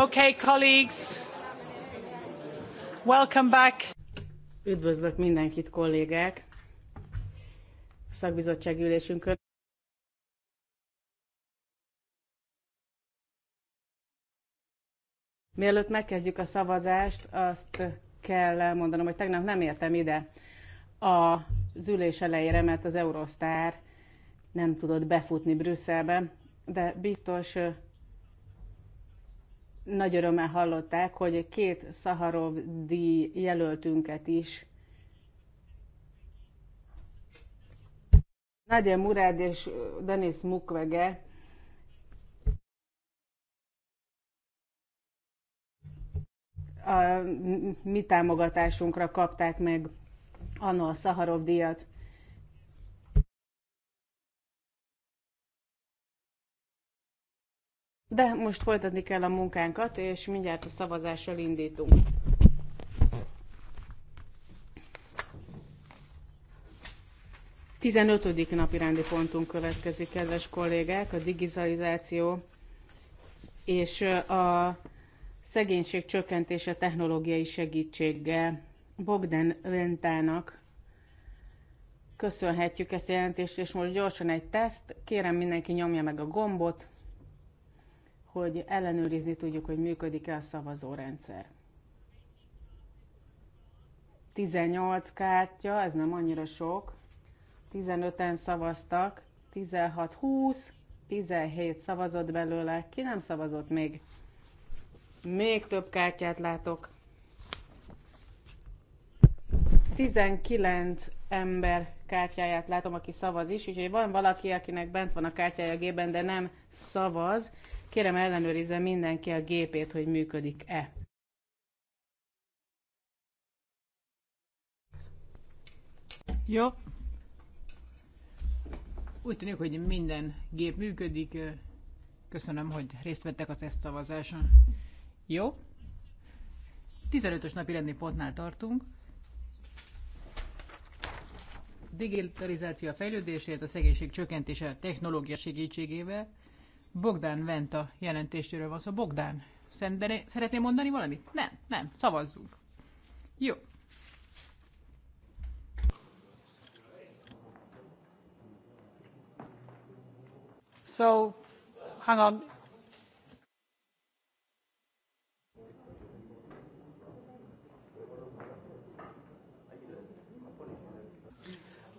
Okay, colleagues. Welcome back. Üdvözlök mindenkit, kollégák! Szakbizottság ülésünkön. Mielőtt megkezdjük a szavazást, azt kell elmondanom, hogy tegnap nem értem ide az ülés elejére, mert az Eurostar nem tudott befutni Brüsszelbe, de biztos nagy örömmel hallották, hogy két Szaharov díj jelöltünket is Nadia Murad és Denis Mukwege a mi támogatásunkra kapták meg anno a Szaharov díjat. De most folytatni kell a munkánkat, és mindjárt a szavazással indítunk. Tizenötödik napi rendi pontunk következik, kedves kollégák, a digitalizáció és a szegénység csökkentése technológiai segítséggel Bogdan Lentának köszönhetjük ezt a jelentést, és most gyorsan egy teszt. Kérem mindenki nyomja meg a gombot hogy ellenőrizni tudjuk, hogy működik-e a szavazórendszer. 18 kártya, ez nem annyira sok, 15-en szavaztak, 16-20, 17 szavazott belőle, ki nem szavazott még? Még több kártyát látok. 19 ember kártyáját látom, aki szavaz is, úgyhogy van valaki, akinek bent van a kártyája a gében, de nem szavaz, kérem ellenőrizze mindenki a gépét, hogy működik-e. Jó. Úgy tűnik, hogy minden gép működik. Köszönöm, hogy részt vettek a teszt Jó. 15-ös napi rendi pontnál tartunk digitalizáció fejlődését, a szegénység csökkentése a technológia segítségével. Bogdán Venta jelentéséről van szó. Szóval Bogdán, szeretném mondani valamit? Nem, nem, szavazzunk. Jó. So, hang on.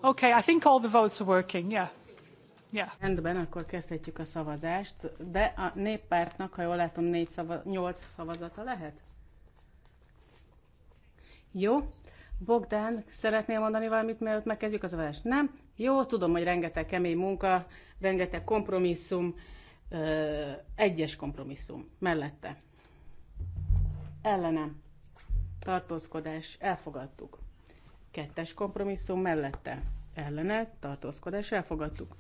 Okay, I think all the votes are working, yeah. Yeah. Rendben, akkor kezdhetjük a szavazást, de a néppártnak, ha jól látom, négy szava- nyolc szavazata lehet? Jó. Bogdán, szeretnél mondani valamit, mielőtt megkezdjük a szavazást? Nem? Jó, tudom, hogy rengeteg kemény munka, rengeteg kompromisszum, ö, egyes kompromisszum mellette. Ellenem. Tartózkodás. Elfogadtuk. Kettes kompromisszum mellette ellene tartózkodás elfogadtuk.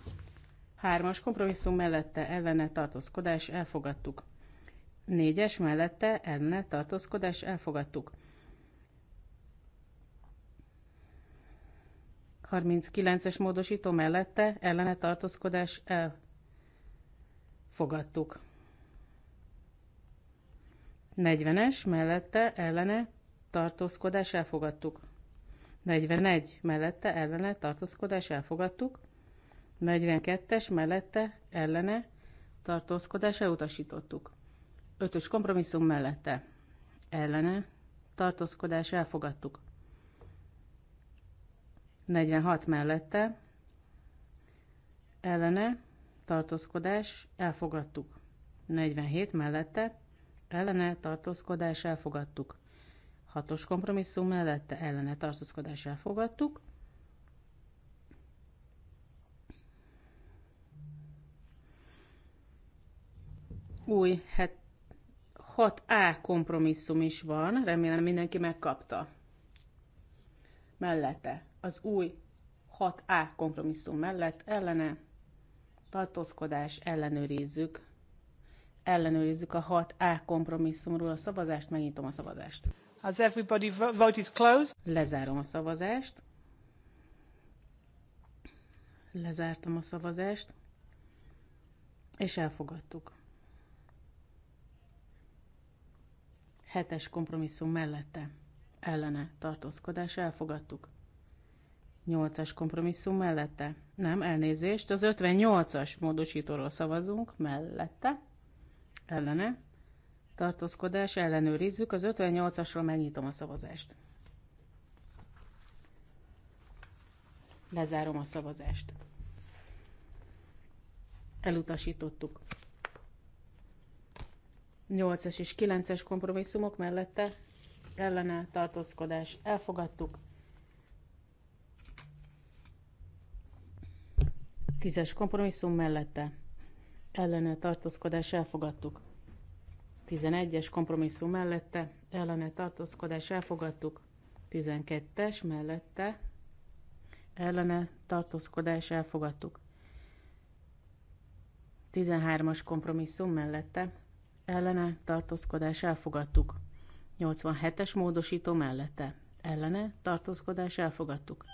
Hármas kompromisszum mellette ellene tartózkodás elfogadtuk. Négyes mellette ellene tartózkodás elfogadtuk. 39-es módosító mellette ellene tartózkodás elfogadtuk. 40-es mellette ellene tartózkodás elfogadtuk. 41 mellette ellene tartózkodás elfogadtuk, 42-es mellette ellene tartózkodás elutasítottuk, 5-ös kompromisszum mellette ellene tartózkodás elfogadtuk, 46 mellette ellene tartózkodás elfogadtuk, 47 mellette ellene tartózkodás elfogadtuk. Hatos kompromisszum mellette ellene tartózkodás elfogadtuk. Új 6A kompromisszum is van, remélem mindenki megkapta. Mellette az új 6A kompromisszum mellett ellene tartózkodás ellenőrizzük. Ellenőrizzük a 6A kompromisszumról a szavazást, megnyitom a szavazást. Has everybody vote is closed? Lezárom a szavazást. Lezártam a szavazást, és elfogadtuk. Hetes kompromisszum mellette ellene tartózkodás elfogadtuk. Nyolcas kompromisszum mellette. Nem, elnézést, az 58-as módosítóról szavazunk mellette, ellene tartózkodás, ellenőrizzük. Az 58-asról megnyitom a szavazást. Lezárom a szavazást. Elutasítottuk. 8 es és 9-es kompromisszumok mellette ellene tartózkodás elfogadtuk. 10-es kompromisszum mellette ellene tartózkodás elfogadtuk. 11-es kompromisszum mellette ellene tartózkodás elfogadtuk, 12-es mellette ellene tartózkodás elfogadtuk. 13-as kompromisszum mellette ellene tartózkodás elfogadtuk. 87-es módosító mellette ellene tartózkodás elfogadtuk.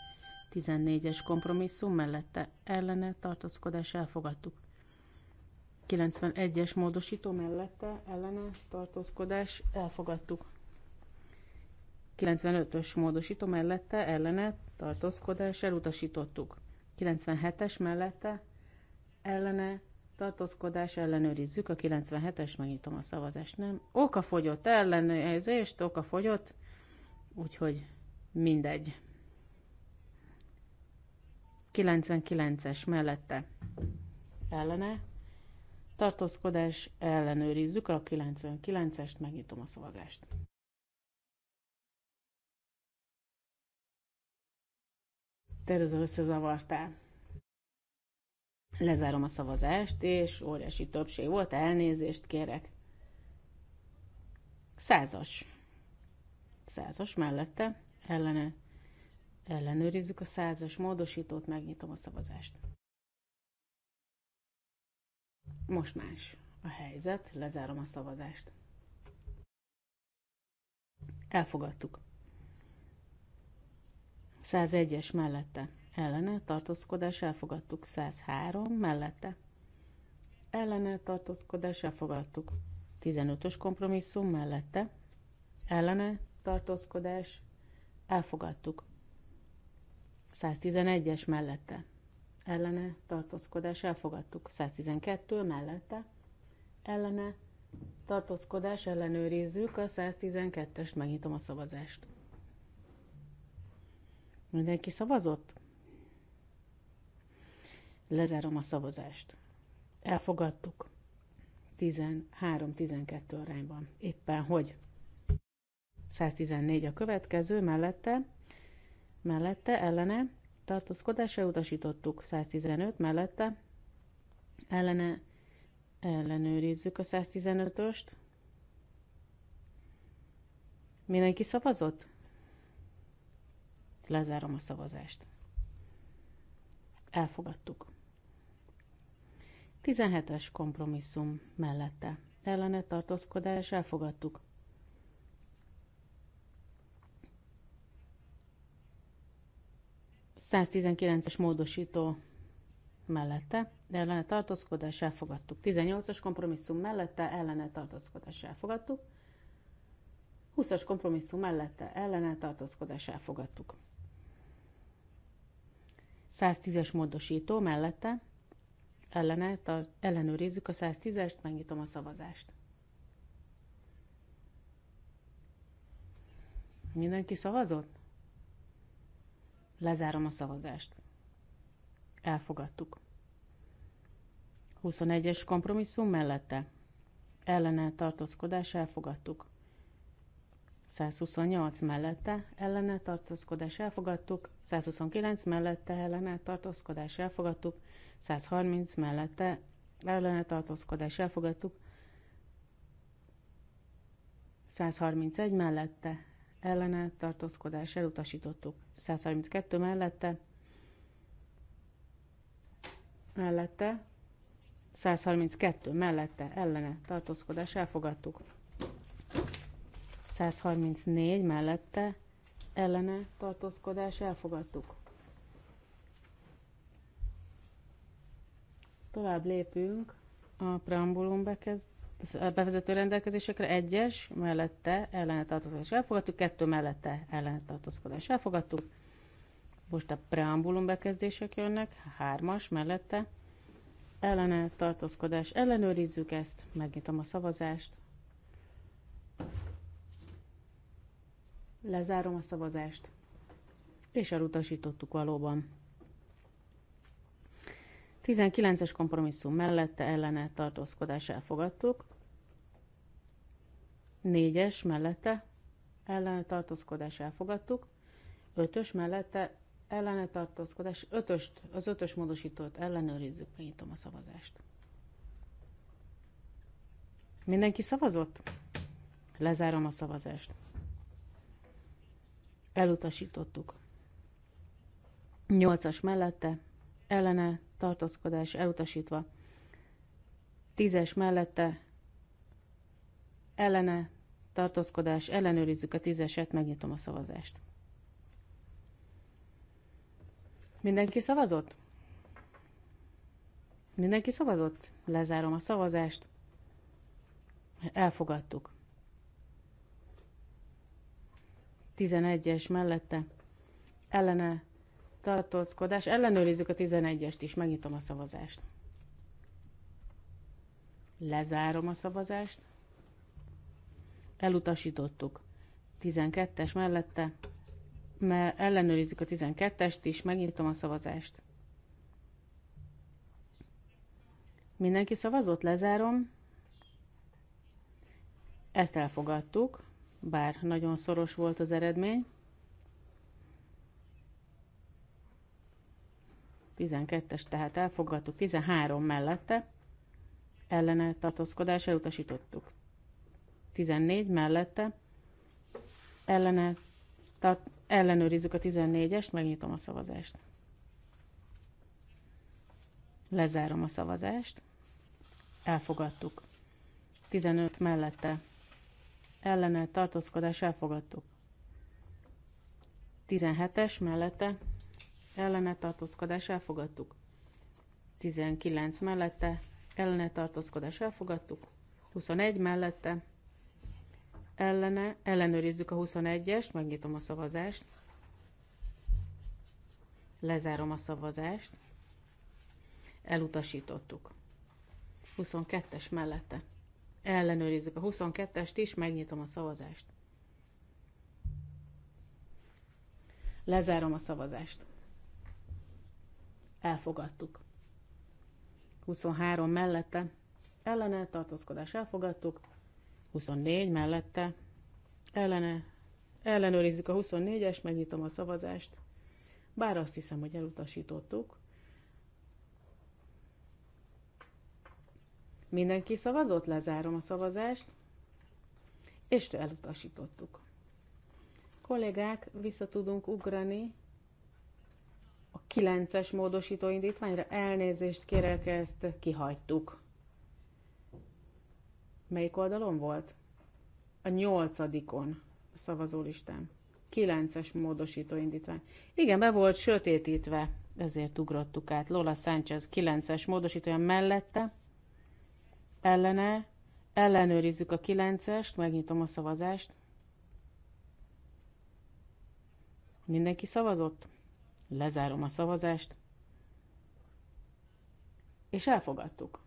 14-es kompromisszum mellette ellene tartózkodás elfogadtuk. 91-es módosító mellette ellene tartózkodás elfogadtuk. 95-ös módosító mellette ellene tartózkodás elutasítottuk. 97-es mellette ellene tartózkodás ellenőrizzük. A 97-es megnyitom a szavazást, nem? Oka fogyott ellenőrzést, oka fogyott, úgyhogy mindegy. 99-es mellette ellene tartózkodás, ellenőrizzük a 99-est, megnyitom a szavazást. Tereza összezavartál. Lezárom a szavazást, és óriási többség volt, elnézést kérek. Százas. Százas mellette, ellene. Ellenőrizzük a százas módosítót, megnyitom a szavazást. Most más a helyzet, lezárom a szavazást. Elfogadtuk. 101-es mellette ellene tartózkodás elfogadtuk. 103 mellette ellene tartózkodás elfogadtuk. 15-ös kompromisszum mellette ellene tartózkodás elfogadtuk. 111-es mellette ellene tartózkodás elfogadtuk. 112 mellette ellene tartózkodás ellenőrizzük a 112-est, megnyitom a szavazást. Mindenki szavazott? Lezárom a szavazást. Elfogadtuk. 13-12 arányban. Éppen hogy. 114 a következő, mellette, mellette, ellene, tartózkodásra utasítottuk 115 mellette ellene ellenőrizzük a 115-öst. Mindenki szavazott? Lezárom a szavazást. Elfogadtuk. 17-es kompromisszum mellette. Ellene tartózkodás elfogadtuk. 119-es módosító mellette, ellene tartózkodás elfogadtuk. 18-as kompromisszum mellette, ellene tartózkodás elfogadtuk. 20-as kompromisszum mellette, ellene tartózkodás elfogadtuk. 110-es módosító mellette, ellene, tar- ellenőrizzük a 110-est, megnyitom a szavazást. Mindenki szavazott? Lezárom a szavazást. Elfogadtuk. 21-es kompromisszum mellette. Ellene tartózkodás elfogadtuk. 128 mellette ellene tartózkodás elfogadtuk, 129 mellette ellene tartózkodás elfogadtuk, 130 mellette ellene tartózkodás elfogadtuk, 131 mellette ellene tartózkodás elutasítottuk. 132 mellette, mellette, 132 mellette, ellene tartózkodás elfogadtuk. 134 mellette, ellene tartózkodás elfogadtuk. Tovább lépünk a preambulum bekezd bevezető rendelkezésekre, egyes mellette ellenetartózkodás elfogadtuk, kettő mellette ellenetartózkodás elfogadtuk, most a preambulum bekezdések jönnek, hármas mellette ellene tartózkodás, ellenőrizzük ezt, megnyitom a szavazást, lezárom a szavazást, és elutasítottuk valóban. 19-es kompromisszum mellette ellene tartózkodás elfogadtuk. 4-es mellette ellene tartózkodás elfogadtuk. 5-ös mellette ellene tartózkodás. 5-öst, az 5-ös módosítót ellenőrizzük, megnyitom a szavazást. Mindenki szavazott? Lezárom a szavazást. Elutasítottuk. 8-as mellette ellene tartózkodás elutasítva. Tízes mellette ellene tartózkodás, ellenőrizzük a tízeset, megnyitom a szavazást. Mindenki szavazott? Mindenki szavazott? Lezárom a szavazást. Elfogadtuk. 11-es mellette ellene tartózkodás. Ellenőrizzük a 11-est is, megnyitom a szavazást. Lezárom a szavazást. Elutasítottuk. 12-es mellette, mert ellenőrizzük a 12-est is, megnyitom a szavazást. Mindenki szavazott, lezárom. Ezt elfogadtuk, bár nagyon szoros volt az eredmény. 12-es tehát elfogadtuk, 13 mellette, ellene tartózkodás elutasítottuk. 14 mellette, ellene, tart, ellenőrizzük a 14-est, megnyitom a szavazást. Lezárom a szavazást. Elfogadtuk. 15 mellette. Ellene tartózkodás elfogadtuk. 17-es mellette ellene tartózkodás elfogadtuk. 19 mellette ellene tartózkodás elfogadtuk. 21 mellette ellene, ellenőrizzük a 21-est, megnyitom a szavazást. Lezárom a szavazást. Elutasítottuk. 22-es mellette. Ellenőrizzük a 22-est is, megnyitom a szavazást. Lezárom a szavazást elfogadtuk. 23 mellette ellene tartózkodás elfogadtuk, 24 mellette ellene ellenőrizzük a 24 es megnyitom a szavazást, bár azt hiszem, hogy elutasítottuk. Mindenki szavazott, lezárom a szavazást, és elutasítottuk. Kollégák, vissza tudunk ugrani 9-es módosító indítványra elnézést kérek, ezt kihagytuk. Melyik oldalon volt? A nyolcadikon a szavazólistán. 9-es módosító indítvány. Igen, be volt sötétítve, ezért ugrottuk át. Lola Sánchez 9-es módosítója mellette, ellene, ellenőrizzük a 9-est, megnyitom a szavazást. Mindenki szavazott? Lezárom a szavazást. És elfogadtuk.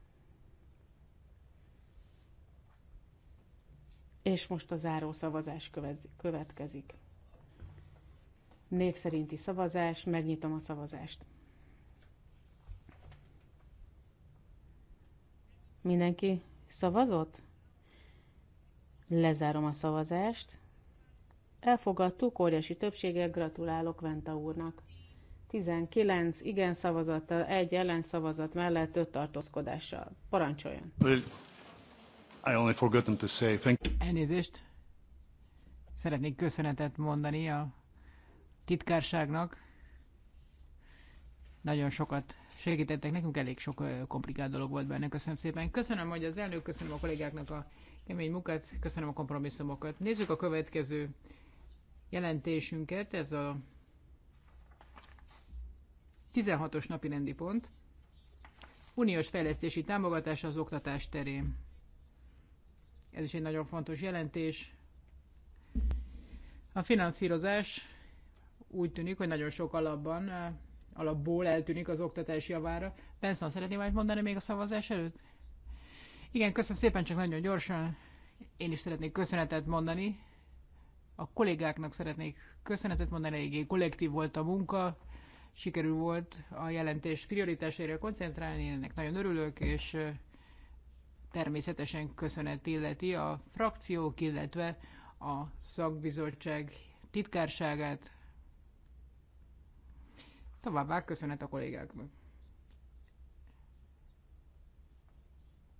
És most a záró szavazás következik. Név szerinti szavazás, megnyitom a szavazást. Mindenki szavazott? Lezárom a szavazást. Elfogadtuk, óriási többséggel gratulálok Venta úrnak. 19 igen szavazattal, egy szavazat mellett öt tartózkodással. Parancsoljon. I only to say thank you. Elnézést. Szeretnék köszönetet mondani a titkárságnak. Nagyon sokat segítettek nekünk, elég sok komplikált dolog volt benne. Köszönöm szépen. Köszönöm, hogy az elnök, köszönöm a kollégáknak a kemény munkát, köszönöm a kompromisszumokat. Nézzük a következő jelentésünket, ez a 16-os napi rendi pont. Uniós fejlesztési támogatás az oktatás terén. Ez is egy nagyon fontos jelentés. A finanszírozás úgy tűnik, hogy nagyon sok alapban, eh, alapból eltűnik az oktatás javára. Benszan szeretném majd mondani még a szavazás előtt? Igen, köszönöm szépen, csak nagyon gyorsan. Én is szeretnék köszönetet mondani. A kollégáknak szeretnék köszönetet mondani, eléggé kollektív volt a munka, sikerül volt a jelentés prioritásaira koncentrálni, ennek nagyon örülök, és természetesen köszönet illeti a frakciók, illetve a szakbizottság titkárságát. Továbbá köszönet a kollégáknak.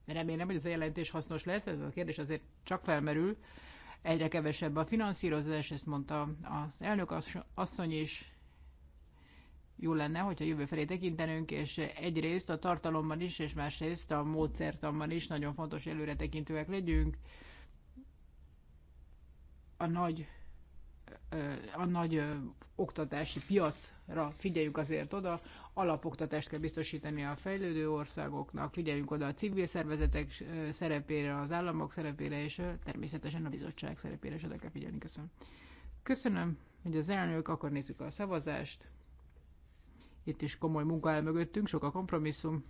Remélem, hogy ez a jelentés hasznos lesz, ez a kérdés azért csak felmerül. Egyre kevesebb a finanszírozás, ezt mondta az elnök asszony is, jó lenne, hogyha jövő felé tekintenünk, és egyrészt a tartalomban is, és másrészt a módszertanban is nagyon fontos előre tekintőek legyünk. A nagy, a nagy oktatási piacra figyeljük azért oda, alapoktatást kell biztosítani a fejlődő országoknak, figyeljünk oda a civil szervezetek szerepére, az államok szerepére, és természetesen a bizottság szerepére is oda kell figyelni. Köszönöm. Köszönöm, hogy az elnök, akkor nézzük a szavazást. Itt is komoly munka el mögöttünk, sok a kompromisszum.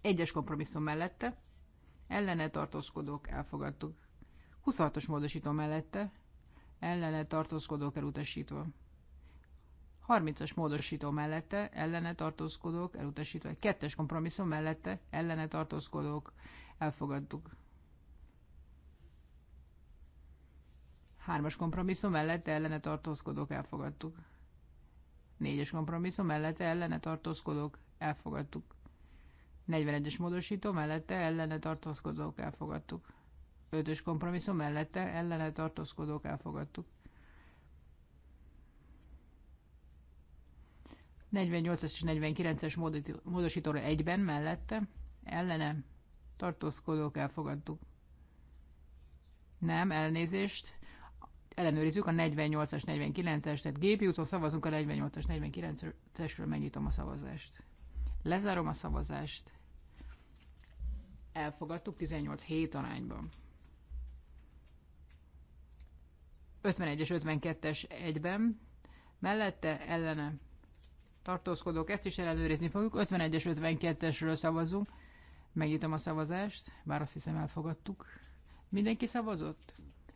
Egyes kompromisszum mellette, ellene tartózkodók elfogadtuk. 26-os módosító mellette, ellene tartózkodók elutasítva. 30-as módosító mellette, ellene tartózkodók elutasítva. 2-es kompromisszum mellette, ellene tartózkodók elfogadtuk. 3 kompromisszum mellette, ellene tartózkodók elfogadtuk. Négyes kompromisszum mellette ellene tartózkodók elfogadtuk. 41-es módosító mellette ellene tartózkodók elfogadtuk. 5-ös kompromisszum mellette ellene tartózkodók elfogadtuk. 48-as és 49-es módosítóra egyben mellette ellene tartózkodók elfogadtuk. Nem, elnézést ellenőrizzük a 48-as, 49-es, tehát gépi úton szavazunk a 48-as, 49-esről, megnyitom a szavazást. Lezárom a szavazást. Elfogadtuk 18-7 arányban. 51-es, 52-es egyben, mellette ellene tartózkodók, ezt is ellenőrizni fogjuk. 51-es, 52-esről szavazunk. Megnyitom a szavazást, bár azt hiszem elfogadtuk. Mindenki szavazott?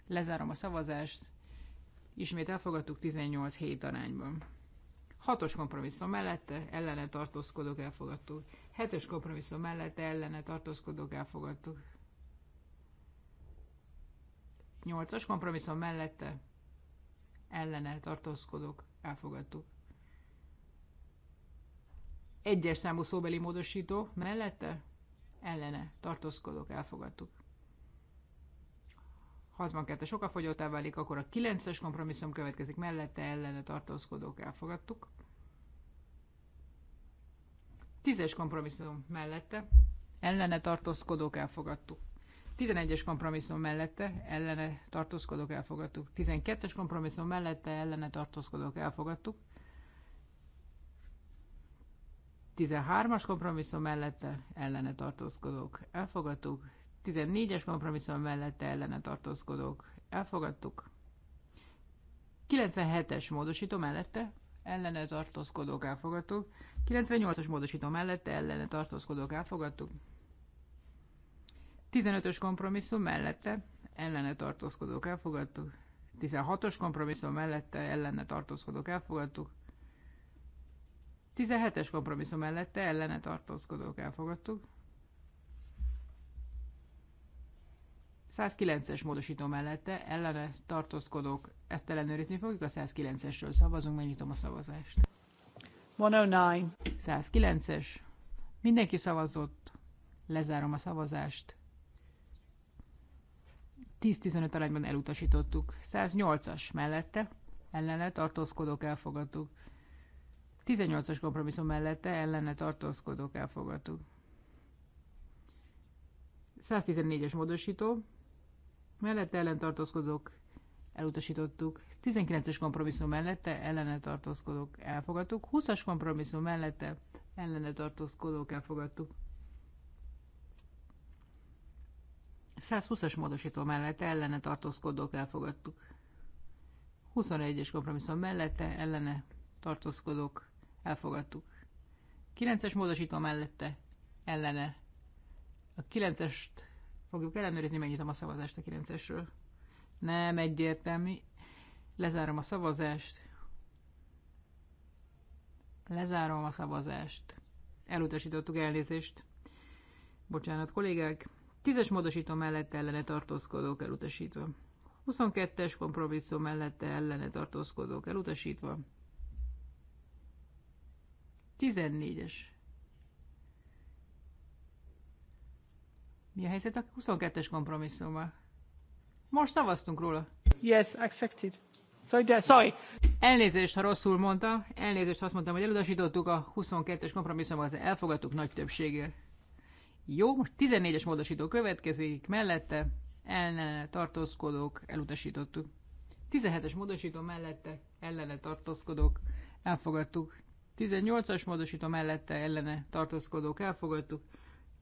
Lezárom a szavazást. Ismét elfogadtuk 18 7 arányban. 6-os kompromisszum mellette ellene tartózkodók elfogadtuk. 7 kompromisszum mellette ellene tartózkodók elfogadtuk. 8 kompromisszum mellette ellene tartózkodók elfogadtuk. Egyes számú szóbeli módosító mellette ellene tartózkodók elfogadtuk. 62-es okafogyottá válik, akkor a 9-es kompromisszum következik mellette, ellene tartózkodók elfogadtuk. 10-es kompromisszum mellette, ellene tartózkodók elfogadtuk. 11-es kompromisszum mellette, ellene tartózkodók elfogadtuk. 12-es kompromisszum mellette, ellene tartózkodók elfogadtuk. 13-as kompromisszum mellette, ellene tartózkodók elfogadtuk. 14-es kompromisszum mellette ellene tartózkodók elfogadtuk. 97-es módosító mellette ellene tartózkodók elfogadtuk. 98-as módosító mellette ellene tartózkodók elfogadtuk. 15-ös kompromisszum mellette ellene tartózkodók elfogadtuk. 16-os kompromisszum mellette ellene tartózkodók elfogadtuk. 17-es kompromisszum mellette ellene tartózkodók elfogadtuk. 109-es módosító mellette ellene tartózkodók, ezt ellenőrizni fogjuk, a 109-esről szavazunk, megnyitom a szavazást. 109. 109-es. Mindenki szavazott. Lezárom a szavazást. 10-15 arányban elutasítottuk. 108-as mellette ellene tartózkodók elfogadtuk. 18-as kompromisszum mellette ellene tartózkodók elfogadtuk. 114-es módosító mellette ellen tartózkodok, elutasítottuk. 19-es kompromisszum mellette ellene tartózkodok, elfogadtuk. 20-as kompromisszum mellette ellene tartózkodok, elfogadtuk. 120-as módosító mellette ellene tartózkodók elfogadtuk. 21-es kompromisszum mellette ellene tartózkodók elfogadtuk. 9-es módosító mellette ellene. A 9-est fogjuk ellenőrizni, megnyitom a szavazást a 9-esről. Nem egyértelmű. Lezárom a szavazást. Lezárom a szavazást. Elutasítottuk elnézést. Bocsánat, kollégák. Tízes módosító mellett ellene tartózkodók elutasítva. 22-es kompromisszum mellette ellene tartózkodók elutasítva. 14-es Mi a helyzet a 22-es kompromisszummal? Most szavaztunk róla. Yes, accepted. Sorry, de, sorry. Elnézést, ha rosszul mondtam. Elnézést, ha azt mondtam, hogy elutasítottuk a 22-es kompromisszumot, elfogadtuk nagy többséggel. Jó, most 14-es módosító következik, mellette ellene tartózkodók, elutasítottuk. 17-es módosító mellette ellene tartózkodók, elfogadtuk. 18-as módosító mellette ellene tartózkodók, elfogadtuk.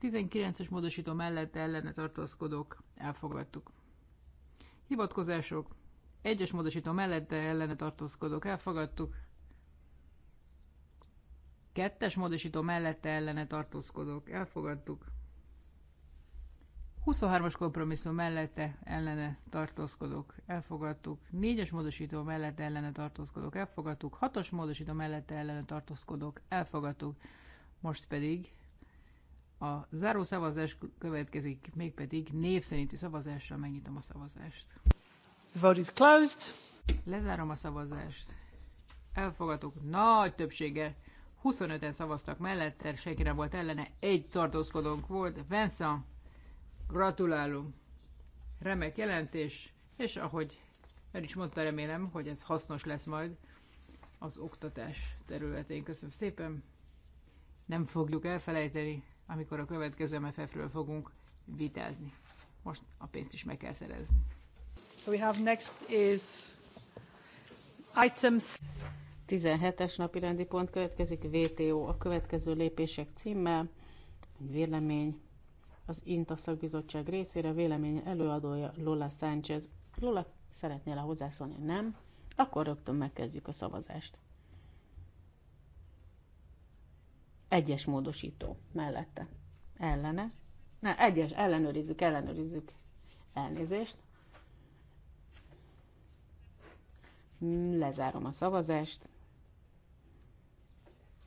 19-es módosító mellette ellene tartózkodók elfogadtuk. Hivatkozások. Egyes módosító mellette ellene tartózkodók elfogadtuk. Kettes módosító mellette ellene tartózkodók elfogadtuk. 23-as kompromisszum mellette ellene tartózkodók elfogadtuk. 4-es módosító mellette ellene tartózkodók elfogadtuk. 6-os módosító mellette ellene tartózkodók elfogadtuk. Most pedig a záró szavazás következik, mégpedig név szerinti szavazással megnyitom a szavazást. The vote is closed. Lezárom a szavazást. Elfogadtuk nagy többsége. 25-en szavaztak mellette, senki nem volt ellene, egy tartózkodónk volt. Vincent, gratulálunk! Remek jelentés, és ahogy el is mondta, remélem, hogy ez hasznos lesz majd az oktatás területén. Köszönöm szépen! Nem fogjuk elfelejteni amikor a következő MFF-ről fogunk vitázni. Most a pénzt is meg kell szerezni. So we have next is items. 17-es napi rendi pont következik, VTO a következő lépések címmel, vélemény az INTA szakbizottság részére, vélemény előadója Lola Sánchez. Lola, szeretnél a hozzászólni? Nem? Akkor rögtön megkezdjük a szavazást. Egyes módosító mellette. Ellene. Ne, egyes, ellenőrizzük, ellenőrizzük. Elnézést. Lezárom a szavazást.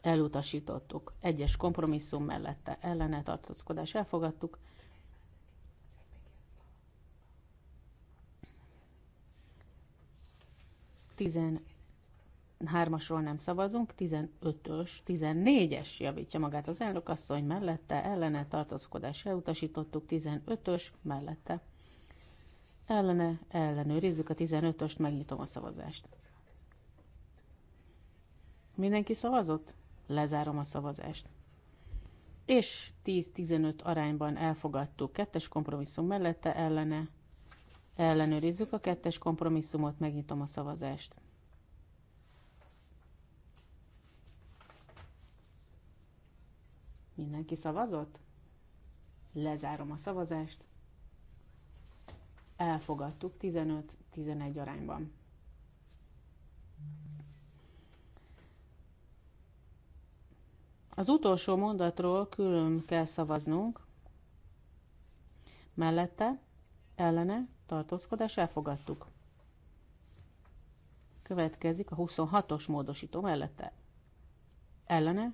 Elutasítottuk. Egyes kompromisszum mellette ellene tartózkodás elfogadtuk. Tizen hármasról nem szavazunk, 15-ös, 14-es javítja magát az elnök asszony mellette, ellene tartózkodás elutasítottuk, 15-ös mellette. Ellene ellenőrizzük a 15-öst, megnyitom a szavazást. Mindenki szavazott? Lezárom a szavazást. És 10-15 arányban elfogadtuk kettes kompromisszum mellette, ellene ellenőrizzük a kettes kompromisszumot, megnyitom a szavazást. Mindenki szavazott? Lezárom a szavazást. Elfogadtuk 15-11 arányban. Az utolsó mondatról külön kell szavaznunk. Mellette, ellene, tartózkodás elfogadtuk. Következik a 26-os módosító mellette. Ellene,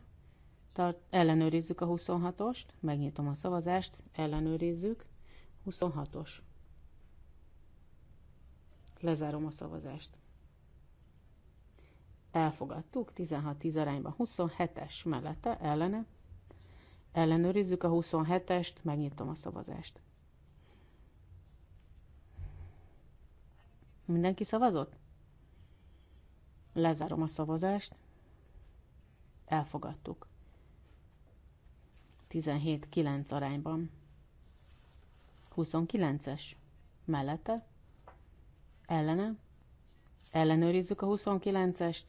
Tart, ellenőrizzük a 26-ost, megnyitom a szavazást, ellenőrizzük, 26-os. Lezárom a szavazást. Elfogadtuk, 16-10 arányban 27-es mellette, ellene. Ellenőrizzük a 27-est, megnyitom a szavazást. Mindenki szavazott? Lezárom a szavazást. Elfogadtuk. 17-9 arányban. 29-es. Mellette. Ellene. Ellenőrizzük a 29-est.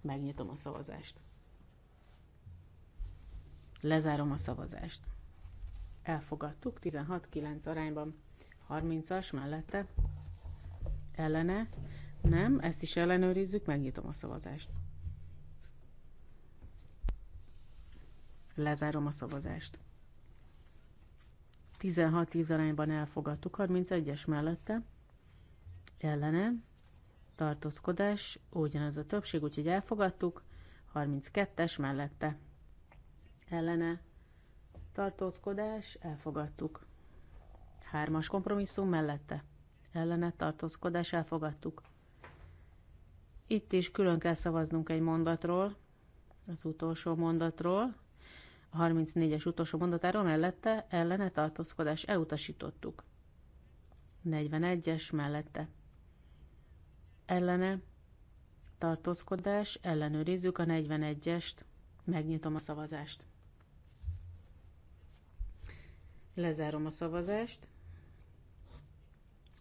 Megnyitom a szavazást. Lezárom a szavazást. Elfogadtuk 16-9 arányban. 30-as mellette. Ellene. Nem, ezt is ellenőrizzük, megnyitom a szavazást. Lezárom a szavazást. 16-10 arányban elfogadtuk, 31-es mellette, ellene, tartózkodás, ugyanaz a többség, úgyhogy elfogadtuk, 32-es mellette, ellene, tartózkodás, elfogadtuk. Hármas kompromisszum mellette, ellene, tartózkodás, elfogadtuk. Itt is külön kell szavaznunk egy mondatról, az utolsó mondatról, 34-es utolsó mondatáról mellette ellene tartózkodás elutasítottuk. 41-es mellette ellene tartózkodás, ellenőrizzük a 41-est, megnyitom a szavazást. Lezárom a szavazást.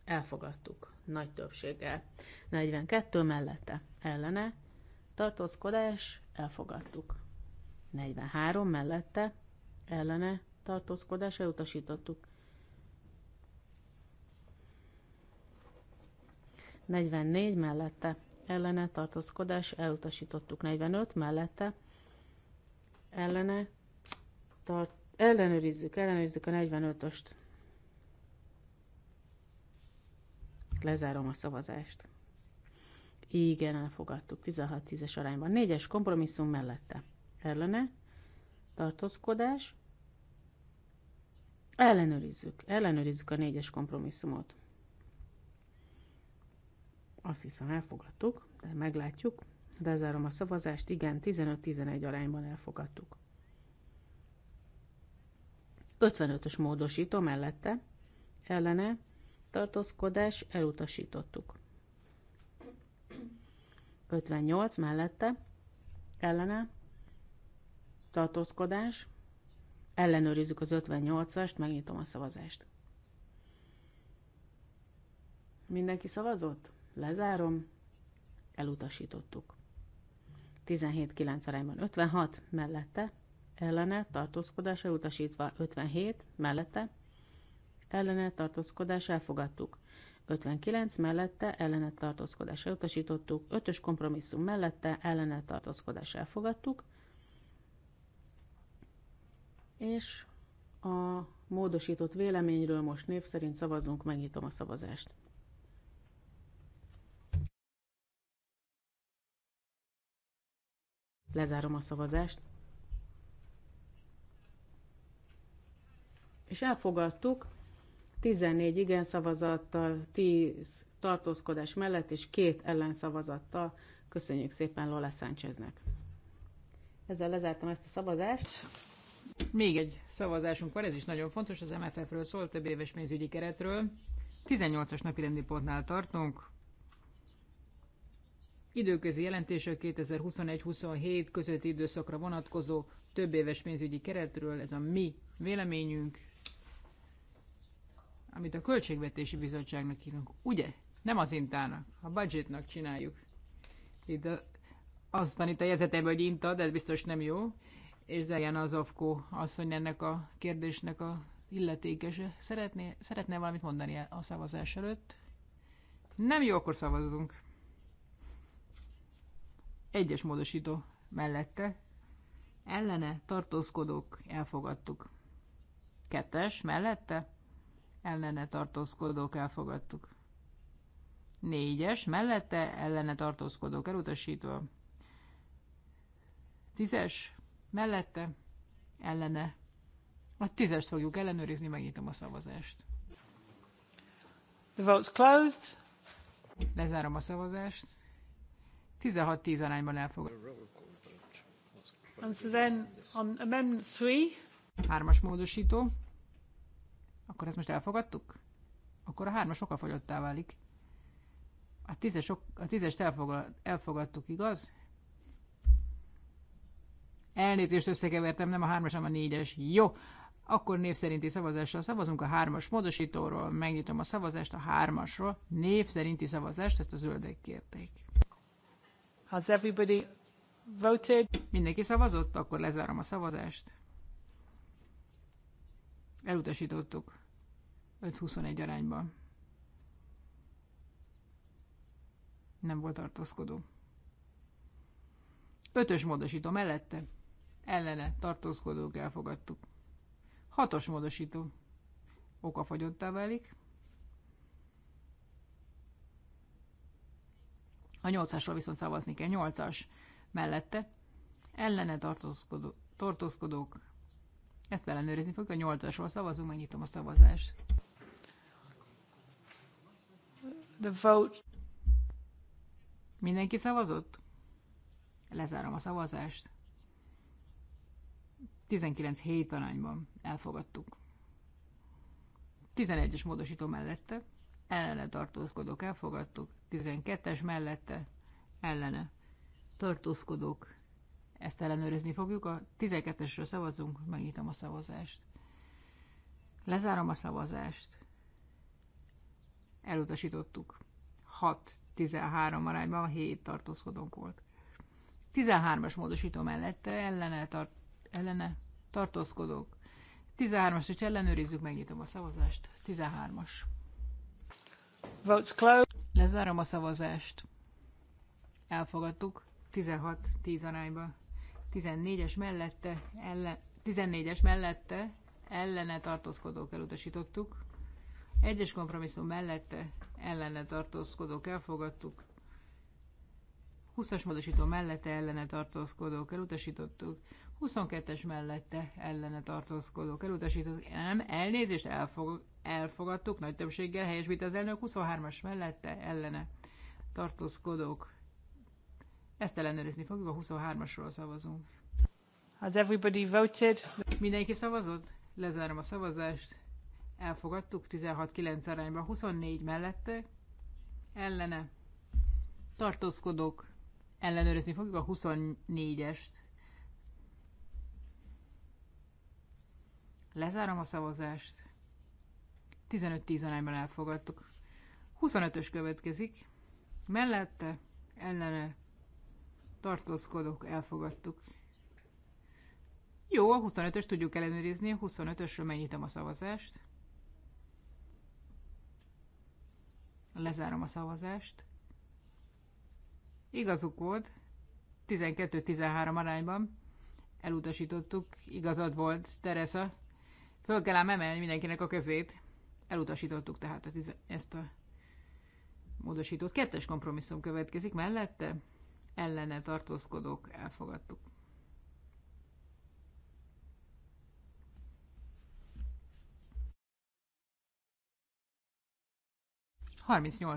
Elfogadtuk nagy többséggel. 42 mellette ellene tartózkodás, elfogadtuk. 43 mellette ellene tartózkodás elutasítottuk. 44 mellette ellene tartózkodás elutasítottuk. 45 mellette ellene tart, ellenőrizzük, ellenőrizzük a 45-öst. Lezárom a szavazást. Igen, elfogadtuk 16-10-es arányban. 4-es kompromisszum mellette ellene, tartózkodás, ellenőrizzük, ellenőrizzük a négyes kompromisszumot. Azt hiszem elfogadtuk, de meglátjuk. Lezárom a szavazást, igen, 15-11 arányban elfogadtuk. 55-ös módosító mellette, ellene, tartózkodás, elutasítottuk. 58 mellette, ellene, tartózkodás, ellenőrizzük az 58-ast, megnyitom a szavazást. Mindenki szavazott? Lezárom. Elutasítottuk. 17-9 arányban 56, mellette, ellene, tartózkodás elutasítva, 57, mellette, ellene, tartózkodás elfogadtuk. 59 mellette Ellenet tartózkodás elutasítottuk, 5-ös kompromisszum mellette Ellenet tartózkodás elfogadtuk, és a módosított véleményről most név szerint szavazunk, megnyitom a szavazást. Lezárom a szavazást. És elfogadtuk 14 igen szavazattal, 10 tartózkodás mellett és két ellenszavazattal. Köszönjük szépen Lola Sáncheznek. Ezzel lezártam ezt a szavazást. Még egy szavazásunk van, ez is nagyon fontos, az MFF-ről szól, több éves pénzügyi keretről. 18-as napi rendi pontnál tartunk. Időközi jelentése 2021-27 közötti időszakra vonatkozó több éves pénzügyi keretről, ez a mi véleményünk, amit a Költségvetési Bizottságnak hívunk. Ugye? Nem az intának, a budgetnak csináljuk. Itt a, az van itt a jegyzetemben, hogy inta, de ez biztos nem jó és Zeljan Azovko asszony ennek a kérdésnek a illetékese. Szeretné, szeretne valamit mondani a szavazás előtt? Nem jó, akkor szavazzunk. Egyes módosító mellette. Ellene tartózkodók elfogadtuk. Kettes mellette. Ellene tartózkodók elfogadtuk. Négyes mellette ellene tartózkodók elutasítva. Tízes mellette, ellene. A tízest fogjuk ellenőrizni, megnyitom a szavazást. The vote's closed. Lezárom a szavazást. 16-10 arányban elfogadom. And so then on amendment three. Hármas módosító. Akkor ezt most elfogadtuk? Akkor a hármas okafogyottá válik. A tízes, a tízest elfogad, elfogadtuk, igaz? Elnézést összekevertem, nem a hármas, hanem a négyes. Jó, akkor név szerinti szavazással szavazunk a hármas módosítóról. Megnyitom a szavazást a hármasról. Név szerinti szavazást, ezt a zöldek kérték. Has everybody voted? Mindenki szavazott? Akkor lezárom a szavazást. Elutasítottuk. 5-21 arányban. Nem volt tartózkodó. Ötös módosító mellette ellene tartózkodók elfogadtuk. Hatos módosító. fagyottá válik. A nyolcasról viszont szavazni kell. Nyolcas mellette ellene tartózkodó, tartózkodók. Ezt ellenőrizni fogjuk. A nyolcasról szavazunk, megnyitom a szavazást. The vote. Mindenki szavazott? Lezárom a szavazást. 19 hét arányban elfogadtuk. 11-es módosító mellette ellene tartózkodók elfogadtuk, 12-es mellette ellene tartózkodók. Ezt ellenőrizni fogjuk, a 12-esről szavazunk, megnyitom a szavazást. Lezárom a szavazást. Elutasítottuk. 6-13 arányban 7 tartózkodónk volt. 13-as módosító mellette ellene tart, ellene tartózkodók. 13-as, hogy ellenőrizzük, megnyitom a szavazást. 13-as. Votes closed. Lezárom a szavazást. Elfogadtuk. 16-10 arányba. 14-es mellette, ellen, 14-es mellette ellene tartózkodók elutasítottuk. Egyes kompromisszum mellette ellene tartózkodók elfogadtuk. 20-as módosító mellette ellene tartózkodók elutasítottuk. 22-es mellette ellene tartózkodók elutasítottak. nem, elnézést elfog, elfogadtuk, nagy többséggel helyesbít az elnök, 23-as mellette ellene tartózkodók. Ezt ellenőrizni fogjuk, a 23-asról szavazunk. Has everybody voted? Mindenki szavazott? Lezárom a szavazást. Elfogadtuk 16-9 arányban, 24 mellette ellene tartózkodók. Ellenőrizni fogjuk a 24-est. Lezárom a szavazást. 15-10 arányban elfogadtuk. 25-ös következik. Mellette, ellene, tartózkodok, elfogadtuk. Jó, a 25-ös tudjuk ellenőrizni. 25-ösről megnyitom a szavazást. Lezárom a szavazást. Igazuk volt. 12-13 arányban. Elutasítottuk. Igazad volt, Teresa. Föl kell emelni mindenkinek a kezét. Elutasítottuk tehát ezt a módosítót. Kettes kompromisszum következik mellette. Ellene tartózkodók elfogadtuk.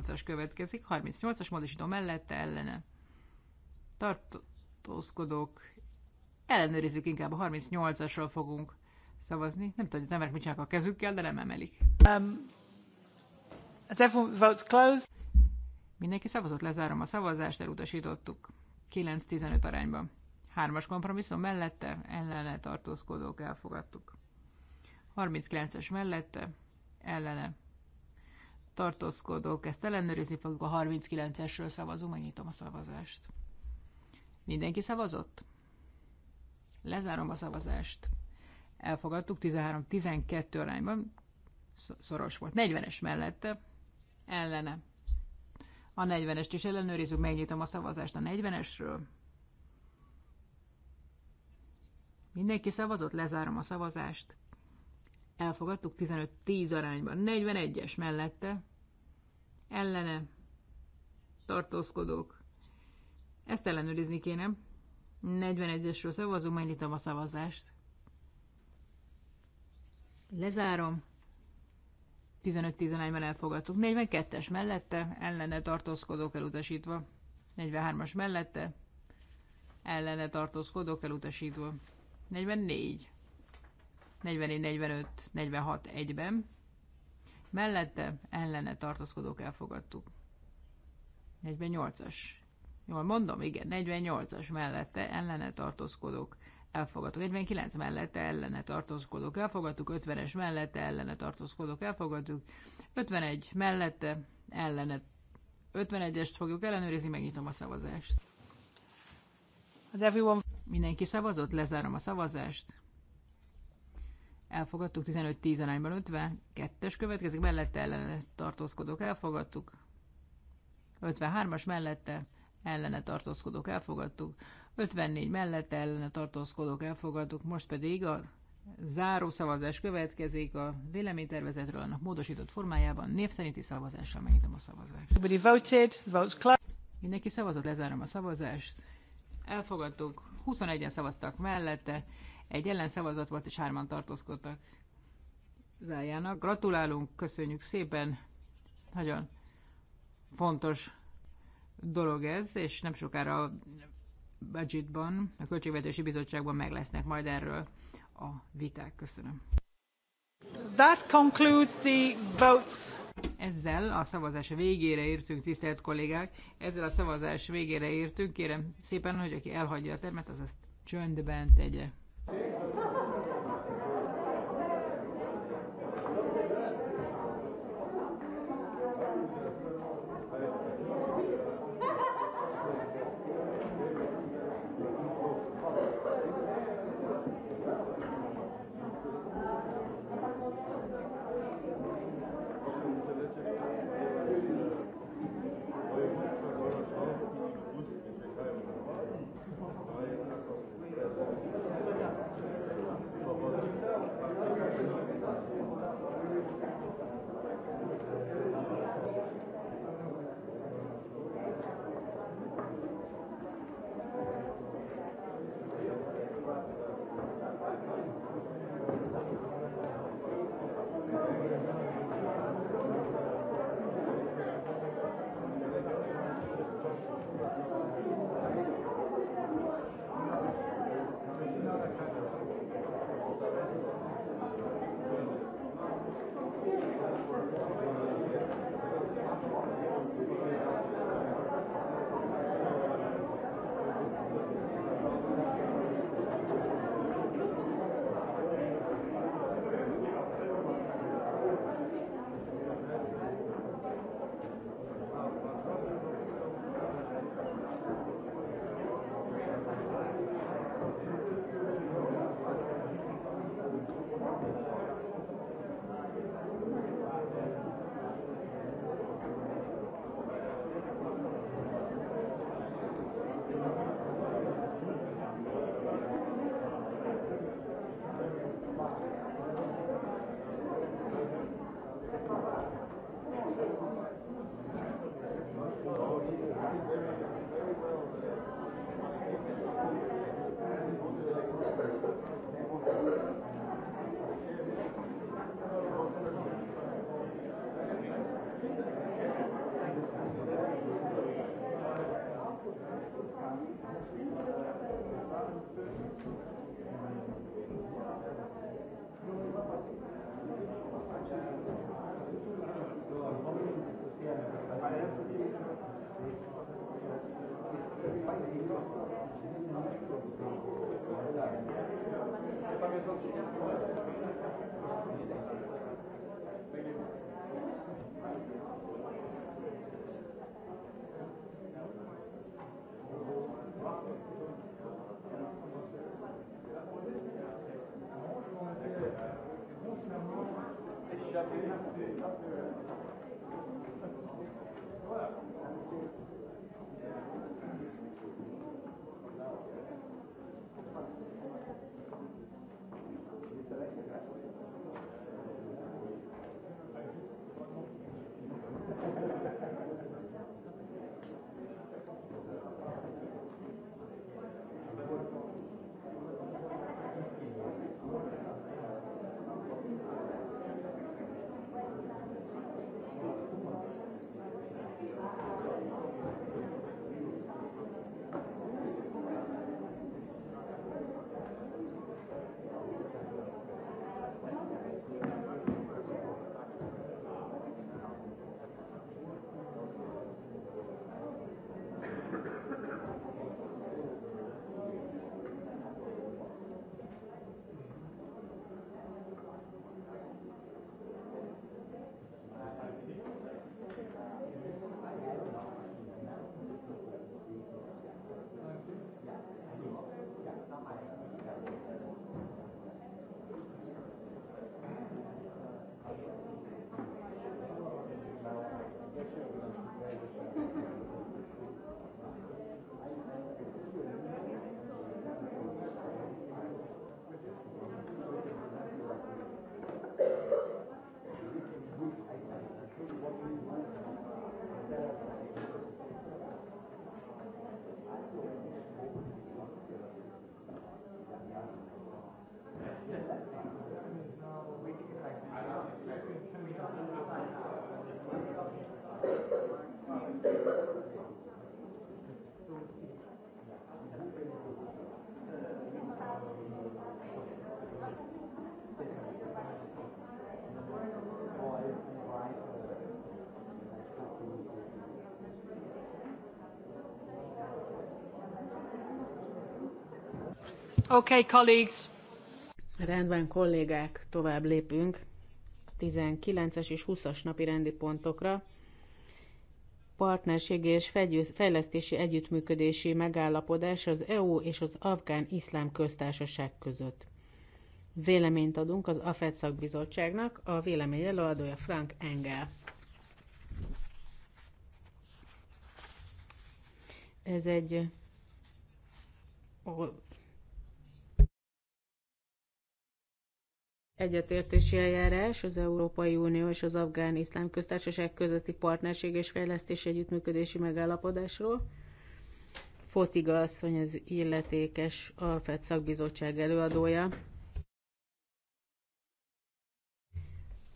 as következik, 38-as módosító mellette ellene. Tartózkodók ellenőrizzük inkább a 38-asról fogunk szavazni. Nem tudom, hogy az emberek mit csinálnak a kezükkel, de nem emelik. Um, as everyone votes closed. Mindenki szavazott, lezárom a szavazást, elutasítottuk. 9-15 arányban. Hármas kompromisszum mellette, ellene tartózkodók elfogadtuk. 39-es mellette, ellene tartózkodók. Ezt ellenőrizni fogjuk, a 39-esről szavazunk, megnyitom a szavazást. Mindenki szavazott? Lezárom a szavazást elfogadtuk, 13-12 arányban, szoros volt. 40-es mellette, ellene. A 40-est is ellenőrizzük, megnyitom a szavazást a 40-esről. Mindenki szavazott, lezárom a szavazást. Elfogadtuk 15-10 arányban. 41-es mellette, ellene, tartózkodók. Ezt ellenőrizni kéne. 41-esről szavazunk, megnyitom a szavazást. Lezárom. 15-11-ben elfogadtuk. 42-es mellette, ellene tartózkodók elutasítva. 43-as mellette, ellene tartózkodók elutasítva. 44. 44, 45, 46 egyben. Mellette, ellene tartózkodók elfogadtuk. 48-as. Jól mondom? Igen, 48-as mellette ellene tartózkodók elfogadtuk. 49 mellette ellene tartózkodók elfogadtuk, 50-es mellette ellene tartózkodók elfogadtuk, 51 mellette ellene 51-est fogjuk ellenőrizni, megnyitom a szavazást. Everyone... Mindenki szavazott, lezárom a szavazást. Elfogadtuk 15-10 arányban 50, 2-es következik, mellette ellene tartózkodók elfogadtuk, 53-as mellette ellene tartózkodók elfogadtuk, 54 mellett ellene tartózkodók elfogadtuk, most pedig a záró szavazás következik a véleménytervezetről annak módosított formájában. Név szerinti szavazással megnyitom a szavazást. voted, votes closed. Mindenki szavazott, lezárom a szavazást. Elfogadtuk, 21-en szavaztak mellette, egy ellenszavazat volt és hárman tartózkodtak. Zájának. Gratulálunk, köszönjük szépen. Nagyon fontos dolog ez, és nem sokára budgetban, a Költségvetési Bizottságban meg lesznek majd erről a viták. Köszönöm. That concludes the votes. Ezzel a szavazás végére értünk, tisztelt kollégák. Ezzel a szavazás végére értünk. Kérem szépen, hogy aki elhagyja a termet, az ezt csöndben tegye. Okay, colleagues. Rendben, kollégák, tovább lépünk. 19-es és 20-as napi rendi pontokra. Partnerségi és fejlesztési együttműködési megállapodás az EU és az Afgán Iszlám Köztársaság között. Véleményt adunk az AFED szakbizottságnak, a vélemény előadója Frank Engel. Ez egy egyetértési eljárás az Európai Unió és az Afgán Iszlám Köztársaság közötti partnerség és fejlesztés együttműködési megállapodásról. Fotiga asszony az illetékes Alfred szakbizottság előadója.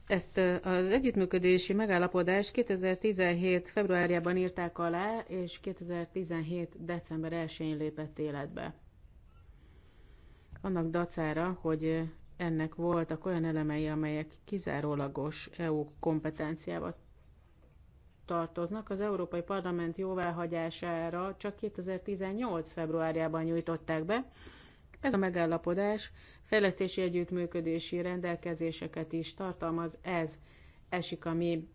Ezt az együttműködési megállapodást 2017. februárjában írták alá, és 2017. december 1-én lépett életbe. Annak dacára, hogy ennek voltak olyan elemei, amelyek kizárólagos EU kompetenciába tartoznak. Az Európai Parlament jóváhagyására csak 2018. februárjában nyújtották be. Ez a megállapodás fejlesztési együttműködési rendelkezéseket is tartalmaz, ez esik a mi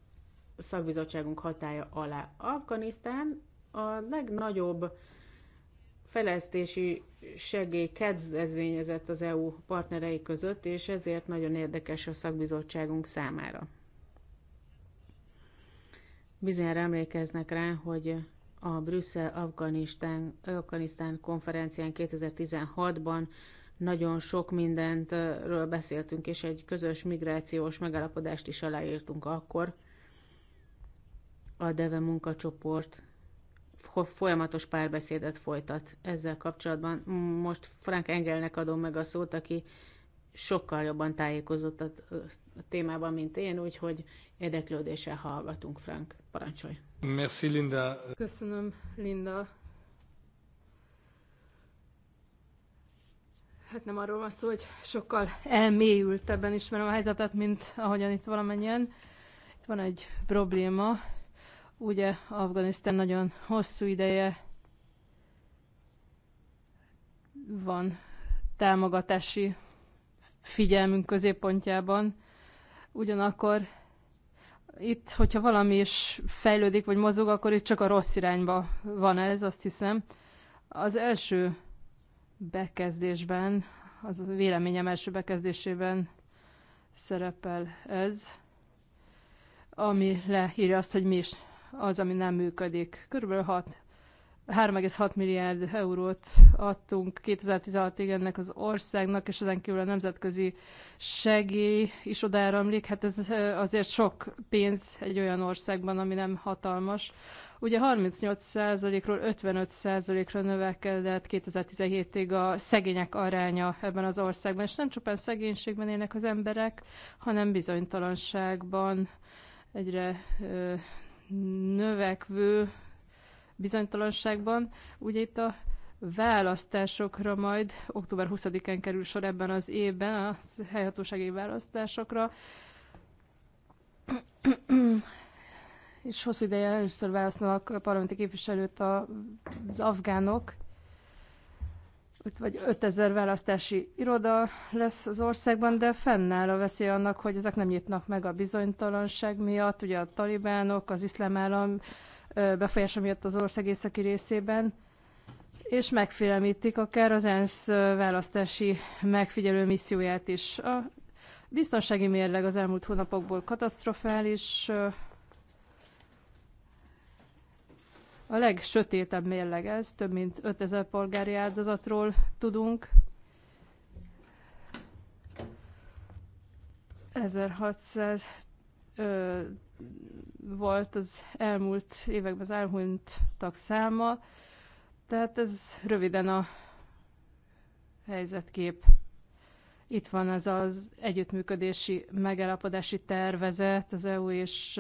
szakbizottságunk hatája alá. Afganisztán a legnagyobb fejlesztési segély kedvezményezett az EU partnerei között, és ezért nagyon érdekes a szakbizottságunk számára. Bizonyára emlékeznek rá, hogy a Brüsszel-Afganisztán konferencián 2016-ban nagyon sok mindentről beszéltünk, és egy közös migrációs megállapodást is aláírtunk akkor. A DEVE munkacsoport folyamatos párbeszédet folytat ezzel kapcsolatban. Most Frank Engelnek adom meg a szót, aki sokkal jobban tájékozott a témában, mint én, úgyhogy érdeklődéssel hallgatunk, Frank. Parancsolj! Merci, Linda! Köszönöm, Linda! Hát nem arról van szó, hogy sokkal elmélyültebben ismerem a helyzetet, mint ahogyan itt valamennyien. Itt van egy probléma, Ugye Afganisztán nagyon hosszú ideje van támogatási figyelmünk középpontjában. Ugyanakkor itt, hogyha valami is fejlődik vagy mozog, akkor itt csak a rossz irányba van ez, azt hiszem. Az első bekezdésben, az a véleményem első bekezdésében szerepel ez, ami leírja azt, hogy mi is az, ami nem működik. Körülbelül 3,6 milliárd eurót adtunk 2016-ig ennek az országnak, és ezen kívül a nemzetközi segély is odáramlik. Hát ez azért sok pénz egy olyan országban, ami nem hatalmas. Ugye 38%-ról 55%-ra növekedett 2017-ig a szegények aránya ebben az országban, és nem csupán szegénységben élnek az emberek, hanem bizonytalanságban, egyre növekvő bizonytalanságban. Ugye itt a választásokra majd október 20-án kerül sor ebben az évben, a helyhatósági választásokra. És hosszú ideje először választanak parlamenti képviselőt az afgánok, 5 vagy 5000 választási iroda lesz az országban, de fennáll a veszély annak, hogy ezek nem nyitnak meg a bizonytalanság miatt, ugye a talibánok, az iszlám állam befolyása miatt az ország északi részében, és megfélemítik akár az ENSZ választási megfigyelő misszióját is. A biztonsági mérleg az elmúlt hónapokból katasztrofális, A legsötétebb mérleg ez, több mint 5000 polgári áldozatról tudunk. 1600 ö, volt az elmúlt években az elhunytak száma, tehát ez röviden a helyzetkép. Itt van ez az együttműködési megállapodási tervezet az EU és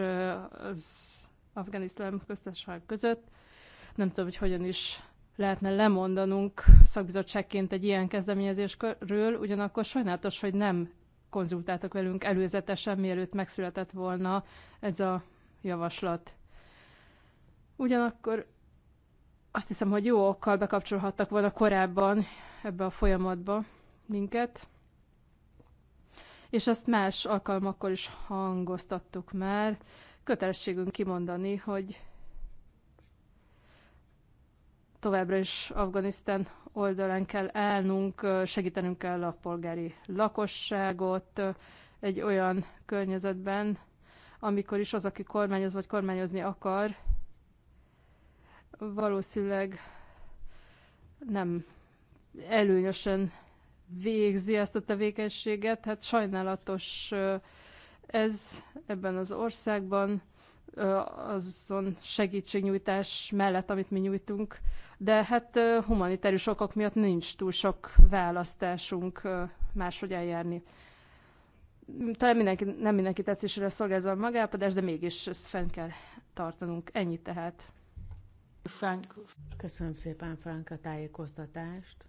az Afganisztán köztársaság között. Nem tudom, hogy hogyan is lehetne lemondanunk szakbizottságként egy ilyen kezdeményezésről, ugyanakkor sajnálatos, hogy nem konzultáltak velünk előzetesen, mielőtt megszületett volna ez a javaslat. Ugyanakkor azt hiszem, hogy jó okkal bekapcsolhattak volna korábban ebbe a folyamatba minket, és ezt más alkalmakkor is hangoztattuk már. Kötelességünk kimondani, hogy továbbra is Afganisztán oldalán kell állnunk, segítenünk kell a polgári lakosságot egy olyan környezetben, amikor is az, aki kormányoz vagy kormányozni akar, valószínűleg nem előnyösen végzi ezt a tevékenységet. Hát sajnálatos ez ebben az országban azon segítségnyújtás mellett, amit mi nyújtunk, de hát humanitárius okok miatt nincs túl sok választásunk máshogy eljárni. Talán mindenki, nem mindenki tetszésére szolgál ez a magálpadás, de mégis ezt fenn kell tartanunk. Ennyit tehát. Frank. Köszönöm szépen, Frank, a tájékoztatást.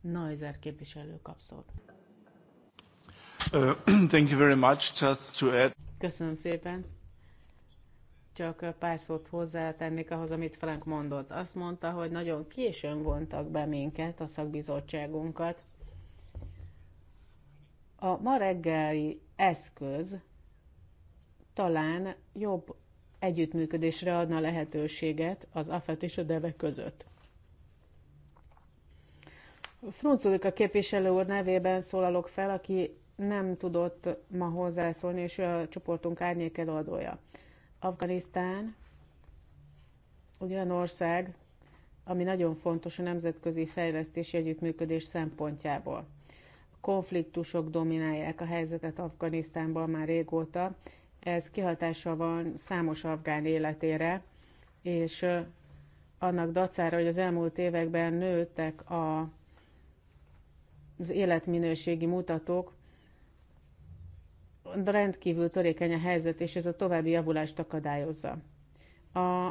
Neuser képviselő kapszót. Uh, thank you very much. Just to add. Köszönöm szépen csak pár szót hozzátennék ahhoz, amit Frank mondott. Azt mondta, hogy nagyon későn vontak be minket, a szakbizottságunkat. A ma reggeli eszköz talán jobb együttműködésre adna lehetőséget az AFET és a DEVE között. Frunculik a képviselő úr nevében szólalok fel, aki nem tudott ma hozzászólni, és a csoportunk árnyék előadója. Afganisztán olyan ország, ami nagyon fontos a nemzetközi fejlesztési együttműködés szempontjából. Konfliktusok dominálják a helyzetet Afganisztánban már régóta, ez kihatása van számos afgán életére, és annak dacára, hogy az elmúlt években nőttek a, az életminőségi mutatók, rendkívül törékeny a helyzet, és ez a további javulást akadályozza. A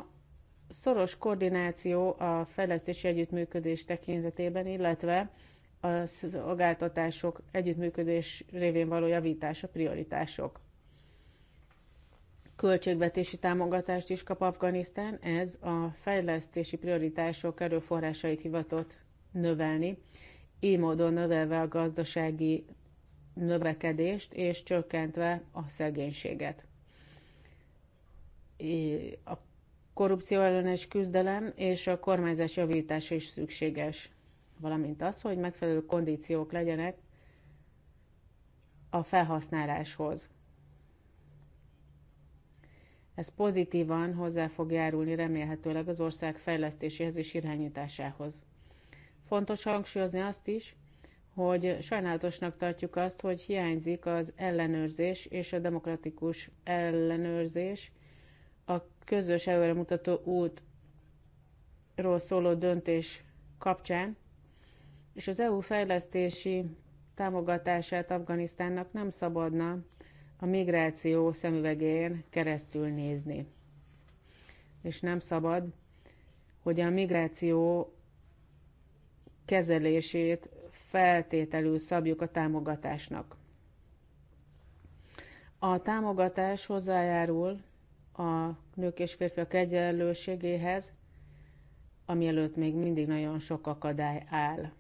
szoros koordináció a fejlesztési együttműködés tekintetében, illetve a szolgáltatások együttműködés révén való javítása prioritások. Költségvetési támogatást is kap Afganisztán, ez a fejlesztési prioritások erőforrásait hivatott növelni, így módon növelve a gazdasági növekedést és csökkentve a szegénységet. A korrupció ellenes küzdelem és a kormányzás javítás is szükséges, valamint az, hogy megfelelő kondíciók legyenek a felhasználáshoz. Ez pozitívan hozzá fog járulni remélhetőleg az ország fejlesztéséhez és irányításához. Fontos hangsúlyozni azt is, hogy sajnálatosnak tartjuk azt, hogy hiányzik az ellenőrzés és a demokratikus ellenőrzés a közös előremutató útról szóló döntés kapcsán, és az EU fejlesztési támogatását Afganisztánnak nem szabadna a migráció szemüvegén keresztül nézni. És nem szabad, hogy a migráció kezelését feltételül szabjuk a támogatásnak. A támogatás hozzájárul a nők és férfiak egyenlőségéhez, amielőtt még mindig nagyon sok akadály áll.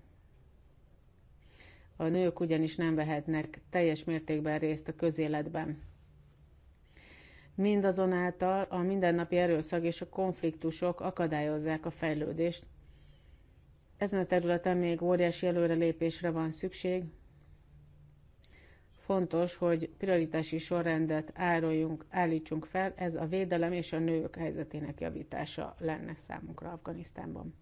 A nők ugyanis nem vehetnek teljes mértékben részt a közéletben. Mindazonáltal a mindennapi erőszak és a konfliktusok akadályozzák a fejlődést, ezen a területen még óriási előrelépésre van szükség. Fontos, hogy prioritási sorrendet áruljunk, állítsunk fel, ez a védelem és a nők helyzetének javítása lenne számunkra Afganisztánban.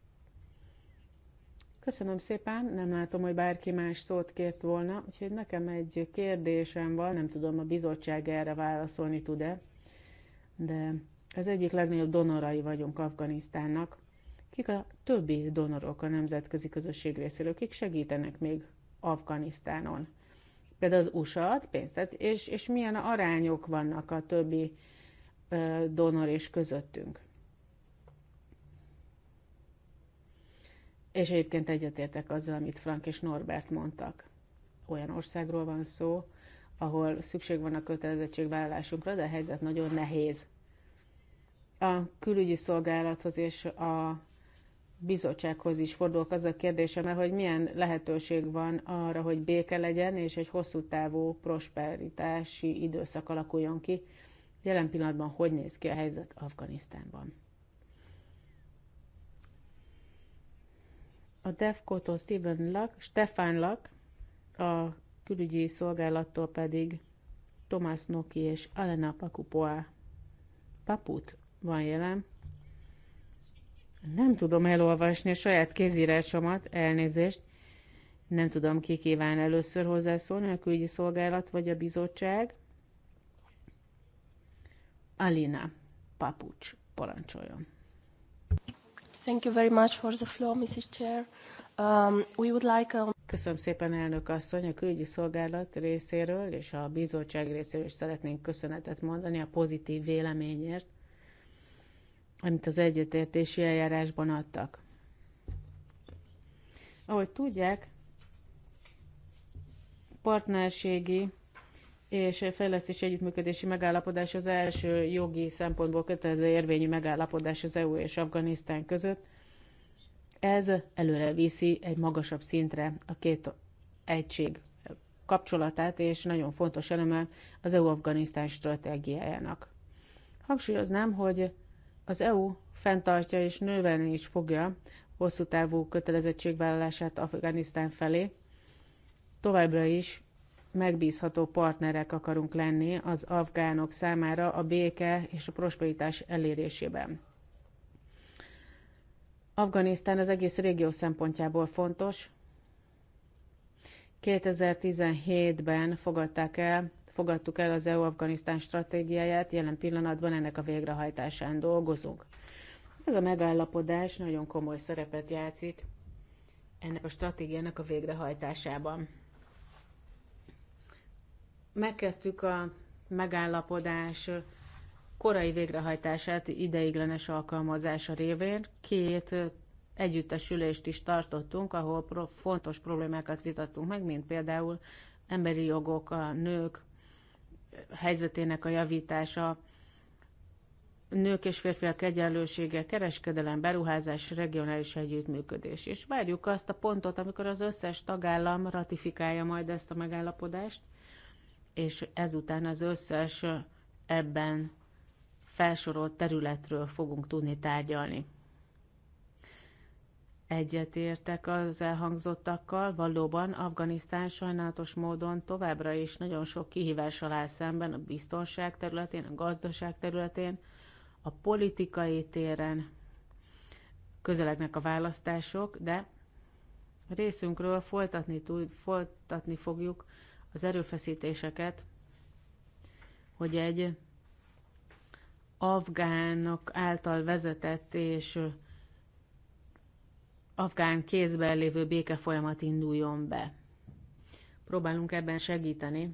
Köszönöm szépen, nem látom, hogy bárki más szót kért volna, úgyhogy nekem egy kérdésem van, nem tudom, a bizottság erre válaszolni tud-e, de az egyik legnagyobb donorai vagyunk Afganisztánnak kik a többi donorok a nemzetközi közösség részéről, kik segítenek még Afganisztánon. Például az USA ad pénzt, tehát és, és milyen arányok vannak a többi donor és közöttünk. És egyébként egyetértek azzal, amit Frank és Norbert mondtak. Olyan országról van szó, ahol szükség van a kötelezettségvállalásunkra, de a helyzet nagyon nehéz. A külügyi szolgálathoz és a bizottsághoz is fordulok az a kérdésem, hogy milyen lehetőség van arra, hogy béke legyen, és egy hosszú távú prosperitási időszak alakuljon ki. Jelen pillanatban hogy néz ki a helyzet Afganisztánban? A DEFCO-tól Stephen Luck, Stefan Luck, a külügyi szolgálattól pedig Tomás Noki és Alena Pakupoa Paput van jelen. Nem tudom elolvasni a saját kézírásomat, elnézést. Nem tudom, ki kíván először hozzászólni, a külügyi szolgálat vagy a bizottság. Alina Papucs parancsoljon. Thank you very much for the floor, Mrs. Chair. Um, we would like a... Um, Köszönöm szépen, elnök asszony, a külügyi szolgálat részéről és a bizottság részéről is szeretnénk köszönetet mondani a pozitív véleményért, amit az egyetértési eljárásban adtak. Ahogy tudják, partnerségi és fejlesztési együttműködési megállapodás az első jogi szempontból kötelező érvényű megállapodás az EU és Afganisztán között. Ez előre viszi egy magasabb szintre a két egység kapcsolatát, és nagyon fontos eleme az EU-Afganisztán stratégiájának. Hangsúlyoznám, hogy az EU fenntartja és növelni is fogja hosszú távú kötelezettségvállalását Afganisztán felé. Továbbra is megbízható partnerek akarunk lenni az afgánok számára a béke és a prosperitás elérésében. Afganisztán az egész régió szempontjából fontos. 2017-ben fogadták el fogadtuk el az EU-Afganisztán stratégiáját, jelen pillanatban ennek a végrehajtásán dolgozunk. Ez a megállapodás nagyon komoly szerepet játszik ennek a stratégiának a végrehajtásában. Megkezdtük a megállapodás korai végrehajtását ideiglenes alkalmazása révén. Két együttesülést is tartottunk, ahol fontos problémákat vitattunk meg, mint például emberi jogok, a nők, helyzetének a javítása, nők és férfiak egyenlősége, kereskedelem, beruházás, regionális együttműködés. És várjuk azt a pontot, amikor az összes tagállam ratifikálja majd ezt a megállapodást, és ezután az összes ebben felsorolt területről fogunk tudni tárgyalni. Egyetértek az elhangzottakkal, valóban Afganisztán sajnálatos módon továbbra is nagyon sok kihívással áll szemben a biztonság területén, a gazdaság területén, a politikai téren közelegnek a választások, de részünkről folytatni, folytatni fogjuk az erőfeszítéseket, hogy egy afgánok által vezetett és afgán kézben lévő béke folyamat induljon be. Próbálunk ebben segíteni,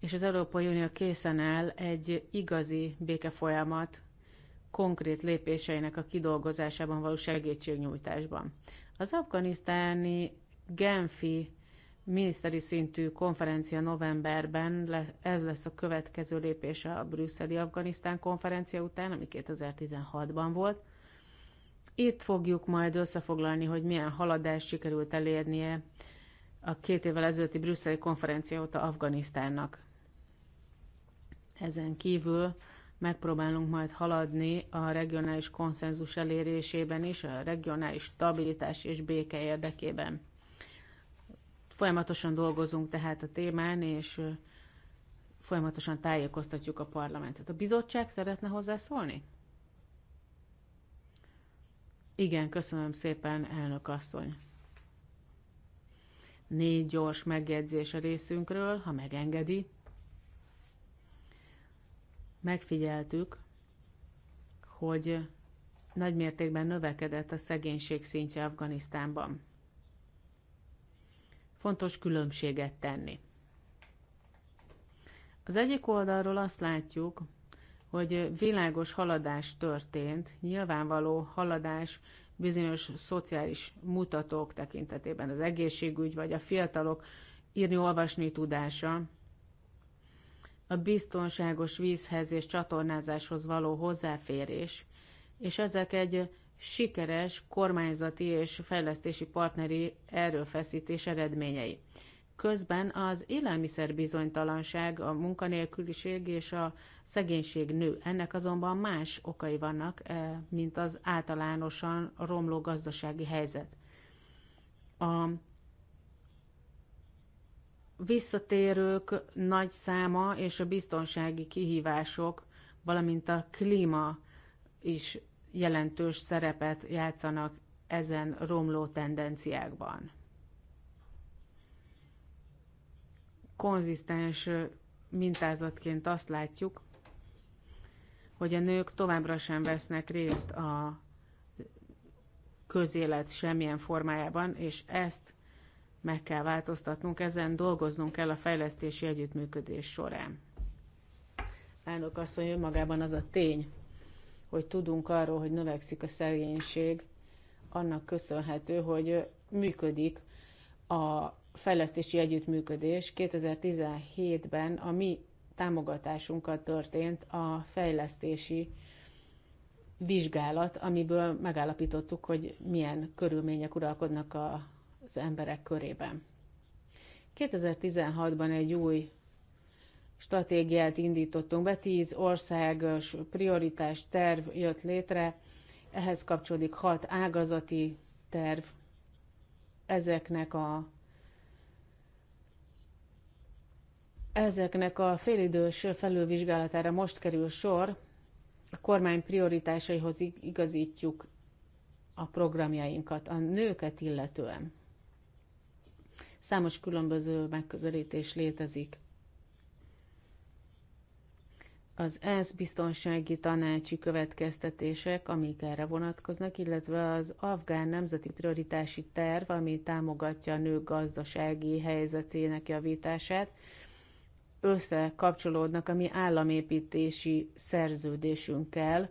és az Európai Unió készen áll egy igazi béke folyamat konkrét lépéseinek a kidolgozásában való segítségnyújtásban. Az afganisztáni Genfi miniszteri szintű konferencia novemberben, ez lesz a következő lépése a brüsszeli Afganisztán konferencia után, ami 2016-ban volt, itt fogjuk majd összefoglalni, hogy milyen haladást sikerült elérnie a két évvel ezelőtti brüsszeli konferencia óta Afganisztánnak. Ezen kívül megpróbálunk majd haladni a regionális konszenzus elérésében is, a regionális stabilitás és béke érdekében. Folyamatosan dolgozunk tehát a témán, és folyamatosan tájékoztatjuk a parlamentet. A bizottság szeretne hozzászólni? Igen, köszönöm szépen, elnök asszony. Négy gyors megjegyzés a részünkről, ha megengedi. Megfigyeltük, hogy nagymértékben növekedett a szegénység szintje Afganisztánban. Fontos különbséget tenni. Az egyik oldalról azt látjuk, hogy világos haladás történt, nyilvánvaló haladás bizonyos szociális mutatók tekintetében, az egészségügy vagy a fiatalok írni-olvasni tudása, a biztonságos vízhez és csatornázáshoz való hozzáférés, és ezek egy sikeres kormányzati és fejlesztési partneri erőfeszítés eredményei. Közben az bizonytalanság, a munkanélküliség és a szegénység nő. Ennek azonban más okai vannak, eh, mint az általánosan romló gazdasági helyzet. A visszatérők nagy száma és a biztonsági kihívások, valamint a klíma is jelentős szerepet játszanak ezen romló tendenciákban. konzisztens mintázatként azt látjuk, hogy a nők továbbra sem vesznek részt a közélet semmilyen formájában, és ezt meg kell változtatnunk, ezen dolgoznunk kell a fejlesztési együttműködés során. Elnök asszony, önmagában az a tény, hogy tudunk arról, hogy növekszik a szegénység, annak köszönhető, hogy működik a fejlesztési együttműködés 2017-ben a mi támogatásunkat történt a fejlesztési vizsgálat, amiből megállapítottuk, hogy milyen körülmények uralkodnak a, az emberek körében. 2016-ban egy új stratégiát indítottunk be, 10 országos prioritás terv jött létre, ehhez kapcsolódik hat ágazati terv, ezeknek a Ezeknek a félidős felülvizsgálatára most kerül sor, a kormány prioritásaihoz igazítjuk a programjainkat, a nőket illetően. Számos különböző megközelítés létezik. Az ENSZ biztonsági tanácsi következtetések, amik erre vonatkoznak, illetve az afgán nemzeti prioritási terv, ami támogatja a nők gazdasági helyzetének javítását, összekapcsolódnak a mi államépítési szerződésünkkel,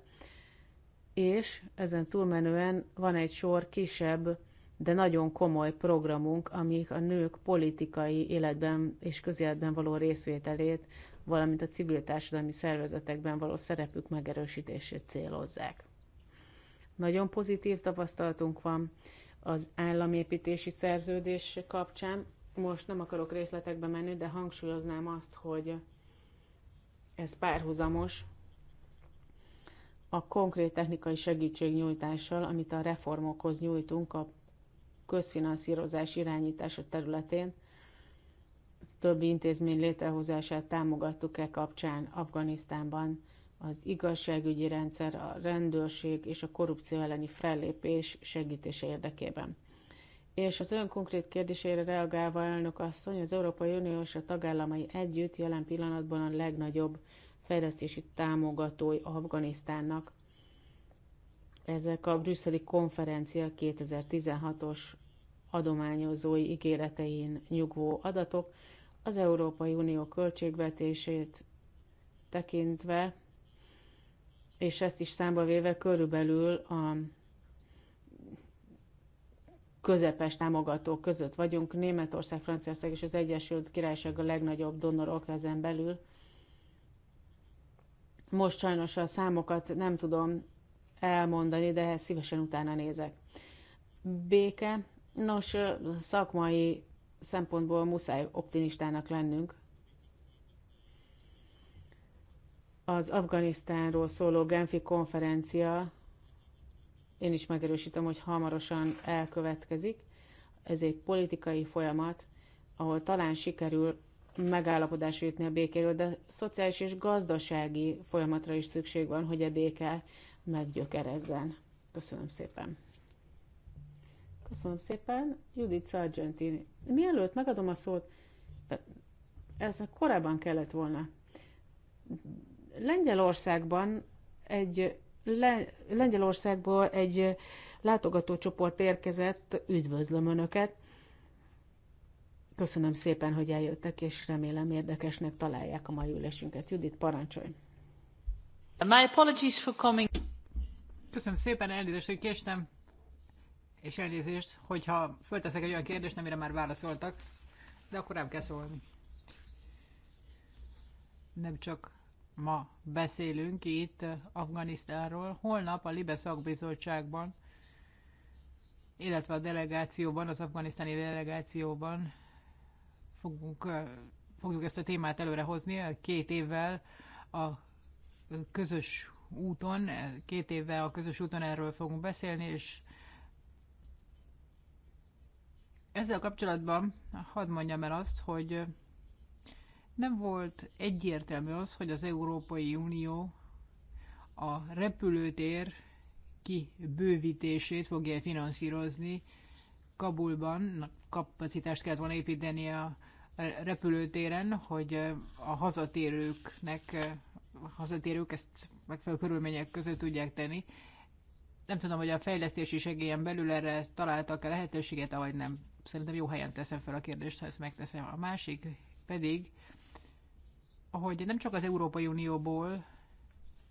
és ezen túlmenően van egy sor kisebb, de nagyon komoly programunk, amik a nők politikai életben és közéletben való részvételét, valamint a civil társadalmi szervezetekben való szerepük megerősítését célozzák. Nagyon pozitív tapasztalatunk van az államépítési szerződés kapcsán, most nem akarok részletekbe menni, de hangsúlyoznám azt, hogy ez párhuzamos a konkrét technikai segítség nyújtással, amit a reformokhoz nyújtunk a közfinanszírozás irányítása területén, többi intézmény létrehozását támogattuk-e kapcsán Afganisztánban az igazságügyi rendszer, a rendőrség és a korrupció elleni fellépés segítése érdekében. És az ön konkrét kérdésére reagálva, elnök asszony, az Európai Unió és a tagállamai együtt jelen pillanatban a legnagyobb fejlesztési támogatói Afganisztánnak. Ezek a brüsszeli konferencia 2016-os adományozói ígéretein nyugvó adatok az Európai Unió költségvetését tekintve, és ezt is számba véve körülbelül a közepes támogatók között vagyunk. Németország, Franciaország és az Egyesült Királyság a legnagyobb donorok ezen belül. Most sajnos a számokat nem tudom elmondani, de szívesen utána nézek. Béke. Nos, szakmai szempontból muszáj optimistának lennünk. Az Afganisztánról szóló Genfi konferencia én is megerősítem, hogy hamarosan elkövetkezik. Ez egy politikai folyamat, ahol talán sikerül megállapodásra jutni a békéről, de szociális és gazdasági folyamatra is szükség van, hogy a béke meggyökerezzen. Köszönöm szépen. Köszönöm szépen, Judith Sargentini. Mielőtt megadom a szót, ez korábban kellett volna. Lengyelországban egy le- Lengyelországból egy látogatócsoport érkezett, üdvözlöm Önöket. Köszönöm szépen, hogy eljöttek, és remélem érdekesnek találják a mai ülésünket. Judit, parancsolj! My apologies for coming. Köszönöm szépen, elnézést, hogy késtem, és elnézést, hogyha fölteszek egy olyan kérdést, amire már válaszoltak, de akkor nem kell szólni. Nem csak ma beszélünk itt Afganisztánról, holnap a Libe szakbizottságban, illetve a delegációban, az afganisztáni delegációban fogunk, fogjuk ezt a témát előrehozni. Két évvel a közös úton, két évvel a közös úton erről fogunk beszélni, és ezzel kapcsolatban hadd mondjam el azt, hogy nem volt egyértelmű az, hogy az Európai Unió a repülőtér kibővítését fogja finanszírozni. Kabulban kapacitást kellett volna építeni a repülőtéren, hogy a hazatérőknek, a hazatérők ezt megfelelő körülmények között tudják tenni. Nem tudom, hogy a fejlesztési segélyen belül erre találtak-e lehetőséget, vagy nem. Szerintem jó helyen teszem fel a kérdést, ha ezt megteszem. A másik pedig hogy nem csak az Európai Unióból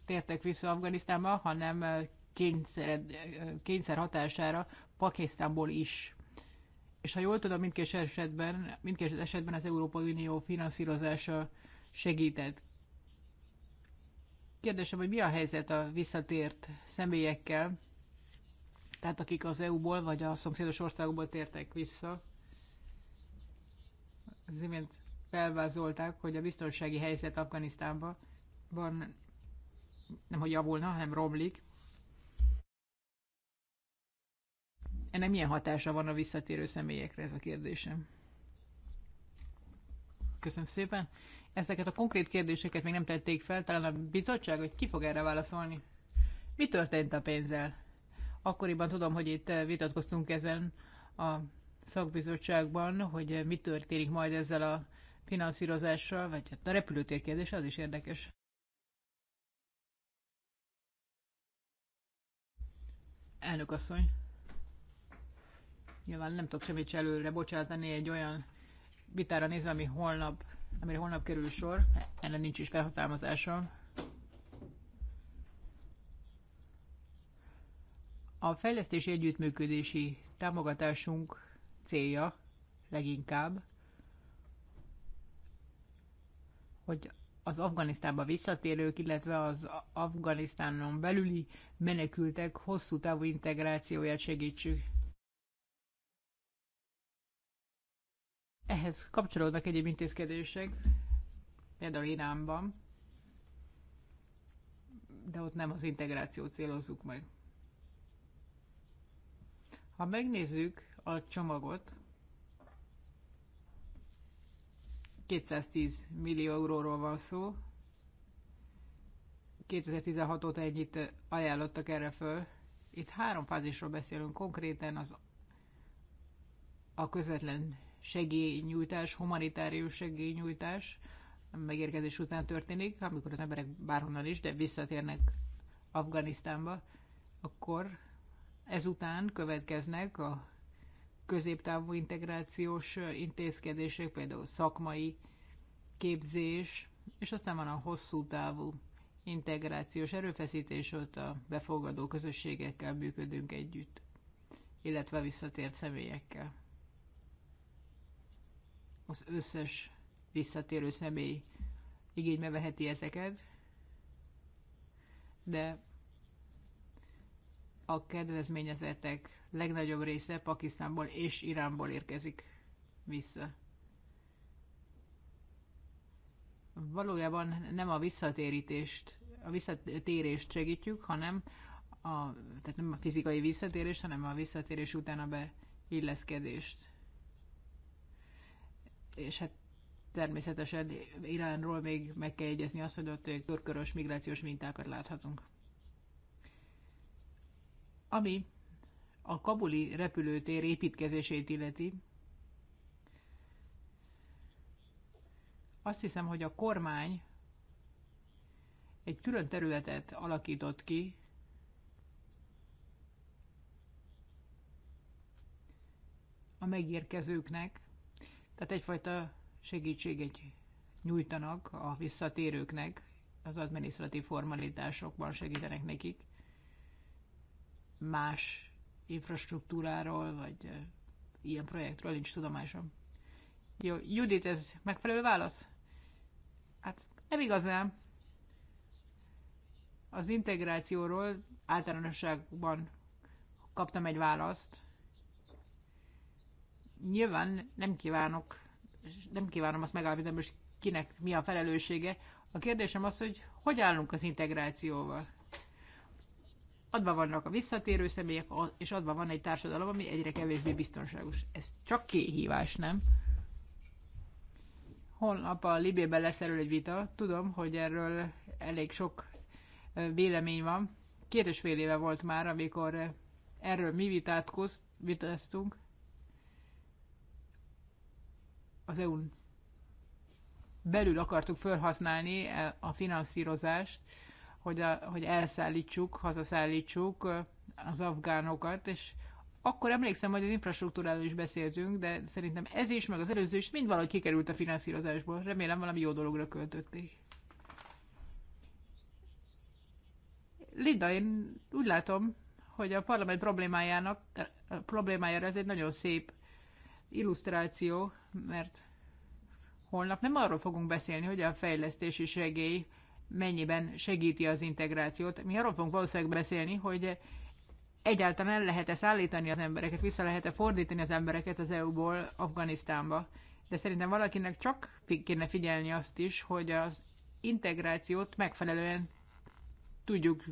tértek vissza Afganisztánba, hanem kényszer, kényszer hatására Pakisztánból is. És ha jól tudom, mindkét esetben, mindkét esetben az Európai Unió finanszírozása segített. Kérdésem, hogy mi a helyzet a visszatért személyekkel, tehát akik az EU-ból vagy a szomszédos országokból tértek vissza. Az imént felvázolták, hogy a biztonsági helyzet Afganisztánban nem hogy javulna, hanem romlik. Ennek milyen hatása van a visszatérő személyekre, ez a kérdésem. Köszönöm szépen. Ezeket a konkrét kérdéseket még nem tették fel, talán a bizottság, hogy ki fog erre válaszolni. Mi történt a pénzzel? Akkoriban tudom, hogy itt vitatkoztunk ezen a szakbizottságban, hogy mi történik majd ezzel a finanszírozással, vagy hát a repülőtér kérdése, az is érdekes. Elnök asszony, nyilván nem tudok semmit se előre bocsátani egy olyan vitára nézve, ami holnap, amire holnap kerül sor, ennek nincs is felhatalmazásom. A fejlesztési együttműködési támogatásunk célja leginkább hogy az Afganisztánba visszatérők, illetve az Afganisztánon belüli menekültek hosszú távú integrációját segítsük. Ehhez kapcsolódnak egyéb intézkedések, például Iránban, de ott nem az integrációt célozzuk meg. Ha megnézzük a csomagot, 210 millió euróról van szó. 2016 óta ennyit ajánlottak erre föl. Itt három fázisról beszélünk konkrétan, az a közvetlen segélynyújtás, humanitárius segélynyújtás megérkezés után történik, amikor az emberek bárhonnan is, de visszatérnek Afganisztánba, akkor ezután következnek a középtávú integrációs intézkedések, például szakmai képzés, és aztán van a hosszú távú integrációs erőfeszítés, ott a befogadó közösségekkel működünk együtt, illetve visszatért személyekkel. Az összes visszatérő személy igénybe veheti ezeket, de a kedvezményezettek legnagyobb része Pakisztánból és Iránból érkezik vissza. Valójában nem a visszatérítést, a visszatérést segítjük, hanem a, tehát nem a fizikai visszatérést, hanem a visszatérés után a beilleszkedést. És hát természetesen Iránról még meg kell jegyezni azt, hogy ott körkörös migrációs mintákat láthatunk. Ami a kabuli repülőtér építkezését illeti, azt hiszem, hogy a kormány egy külön területet alakított ki, a megérkezőknek, tehát egyfajta segítséget nyújtanak a visszatérőknek, az adminisztratív formalitásokban segítenek nekik más infrastruktúráról, vagy ilyen projektről nincs tudomásom. Jó, Judit, ez megfelelő válasz? Hát nem igazán. Az integrációról általánosságban kaptam egy választ. Nyilván nem kívánok, nem kívánom azt megállapítani, hogy kinek mi a felelőssége. A kérdésem az, hogy hogy állunk az integrációval? adva vannak a visszatérő személyek, és adva van egy társadalom, ami egyre kevésbé biztonságos. Ez csak kihívás, nem? Holnap a Libében lesz erről egy vita. Tudom, hogy erről elég sok vélemény van. Két és fél éve volt már, amikor erről mi vitáztunk. Az EU-n belül akartuk felhasználni e, a finanszírozást, hogy, a, hogy elszállítsuk, hazaszállítsuk az afgánokat, és akkor emlékszem, hogy az infrastruktúráról is beszéltünk, de szerintem ez is, meg az előző is mind valahogy kikerült a finanszírozásból. Remélem valami jó dologra költötték. Linda, én úgy látom, hogy a parlament problémájának, a problémájára ez egy nagyon szép illusztráció, mert holnap nem arról fogunk beszélni, hogy a fejlesztési segély mennyiben segíti az integrációt. Mi arról fogunk valószínűleg beszélni, hogy egyáltalán el lehet-e szállítani az embereket, vissza lehet-e fordítani az embereket az EU-ból Afganisztánba. De szerintem valakinek csak kéne figyelni azt is, hogy az integrációt megfelelően tudjuk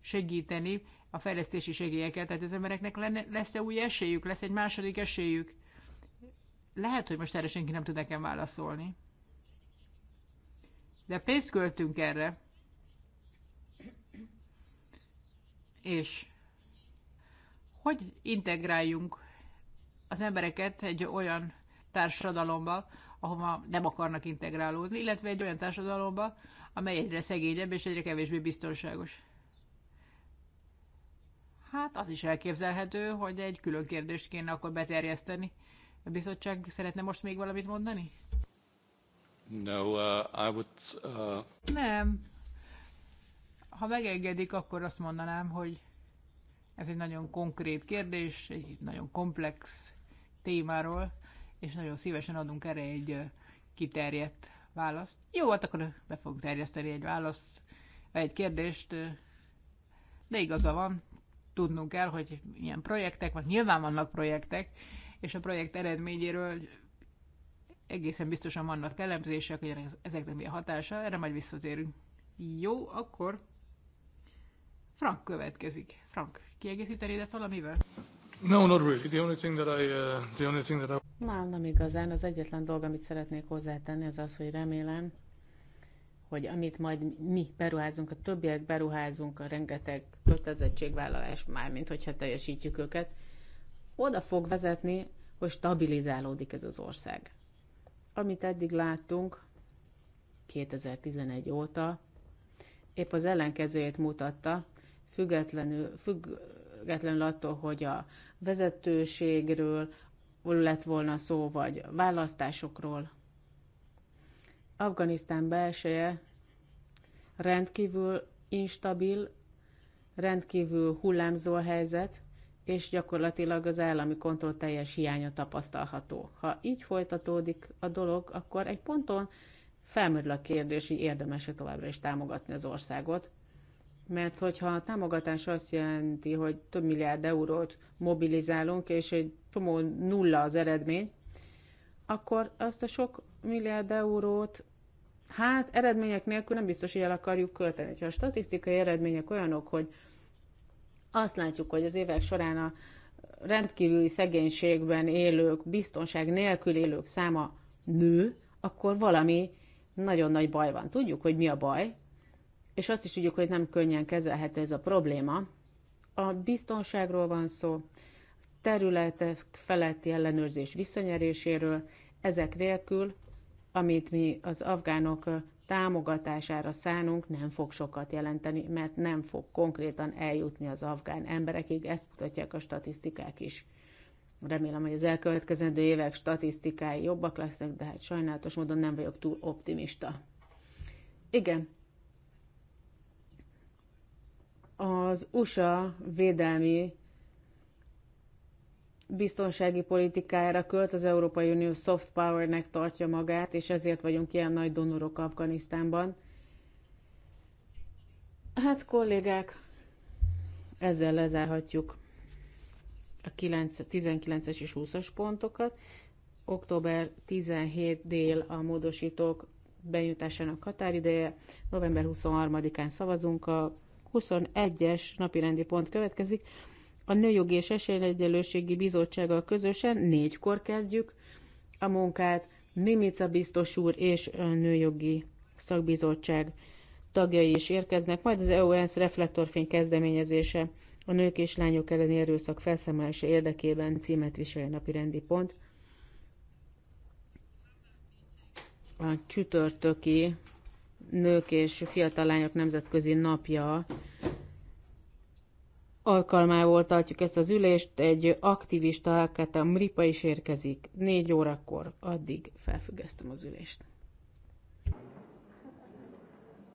segíteni, a fejlesztési segélyeket, tehát az embereknek lesz-e új esélyük, lesz egy második esélyük. Lehet, hogy most erre senki nem tud nekem válaszolni. De pénzt költünk erre. És hogy integráljunk az embereket egy olyan társadalomba, ahova nem akarnak integrálódni, illetve egy olyan társadalomba, amely egyre szegényebb és egyre kevésbé biztonságos. Hát az is elképzelhető, hogy egy külön kérdést kéne akkor beterjeszteni. A bizottság szeretne most még valamit mondani? Uh, uh, Nem. Ha megengedik, akkor azt mondanám, hogy ez egy nagyon konkrét kérdés, egy nagyon komplex témáról, és nagyon szívesen adunk erre egy uh, kiterjedt választ. Jó, hát akkor be fogunk terjeszteni egy választ, egy kérdést, de igaza van, tudnunk kell, hogy milyen projektek, vagy nyilván vannak projektek, és a projekt eredményéről egészen biztosan vannak elemzések, hogy ezeknek mi a hatása, erre majd visszatérünk. Jó, akkor Frank következik. Frank, kiegészítenéd ezt valamivel? No, not really. The only thing that I, uh, the only thing that I... Már nem igazán. Az egyetlen dolog, amit szeretnék hozzátenni, az az, hogy remélem, hogy amit majd mi beruházunk, a többiek beruházunk, a rengeteg kötelezettségvállalás, mármint hogyha teljesítjük őket, oda fog vezetni, hogy stabilizálódik ez az ország. Amit eddig láttunk 2011 óta, épp az ellenkezőjét mutatta, függetlenül, függetlenül attól, hogy a vezetőségről lett volna szó, vagy választásokról. Afganisztán belseje rendkívül instabil, rendkívül hullámzó a helyzet, és gyakorlatilag az állami kontroll teljes hiánya tapasztalható. Ha így folytatódik a dolog, akkor egy ponton felmerül a kérdés, hogy érdemes-e továbbra is támogatni az országot, mert hogyha a támogatás azt jelenti, hogy több milliárd eurót mobilizálunk, és egy csomó nulla az eredmény, akkor azt a sok milliárd eurót hát eredmények nélkül nem biztos, hogy el akarjuk költeni. Ha a statisztikai eredmények olyanok, hogy azt látjuk, hogy az évek során a rendkívüli szegénységben élők, biztonság nélkül élők száma nő, akkor valami nagyon nagy baj van. Tudjuk, hogy mi a baj, és azt is tudjuk, hogy nem könnyen kezelhető ez a probléma. A biztonságról van szó, területek feletti ellenőrzés visszanyeréséről, ezek nélkül, amit mi az afgánok támogatására szánunk nem fog sokat jelenteni, mert nem fog konkrétan eljutni az afgán emberekig, ezt mutatják a statisztikák is. Remélem, hogy az elkövetkezendő évek statisztikái jobbak lesznek, de hát sajnálatos módon nem vagyok túl optimista. Igen. Az USA védelmi biztonsági politikájára költ, az Európai Unió soft powernek tartja magát, és ezért vagyunk ilyen nagy donorok Afganisztánban. Hát kollégák, ezzel lezárhatjuk a 9, 19-es és 20-as pontokat. Október 17 dél a módosítók benyújtásának határideje, november 23-án szavazunk, a 21-es napirendi pont következik a Nőjogi és Esélyegyelőségi Bizottsággal közösen négykor kezdjük a munkát. Mimica biztos úr és a Nőjogi Szakbizottság tagjai is érkeznek, majd az eu reflektorfény kezdeményezése a nők és lányok elleni erőszak felszámolása érdekében címet viseli napi rendi pont. A csütörtöki nők és fiatal lányok nemzetközi napja alkalmával tartjuk ezt az ülést, egy aktivista Alkata Mripa is érkezik négy órakor, addig felfüggesztem az ülést.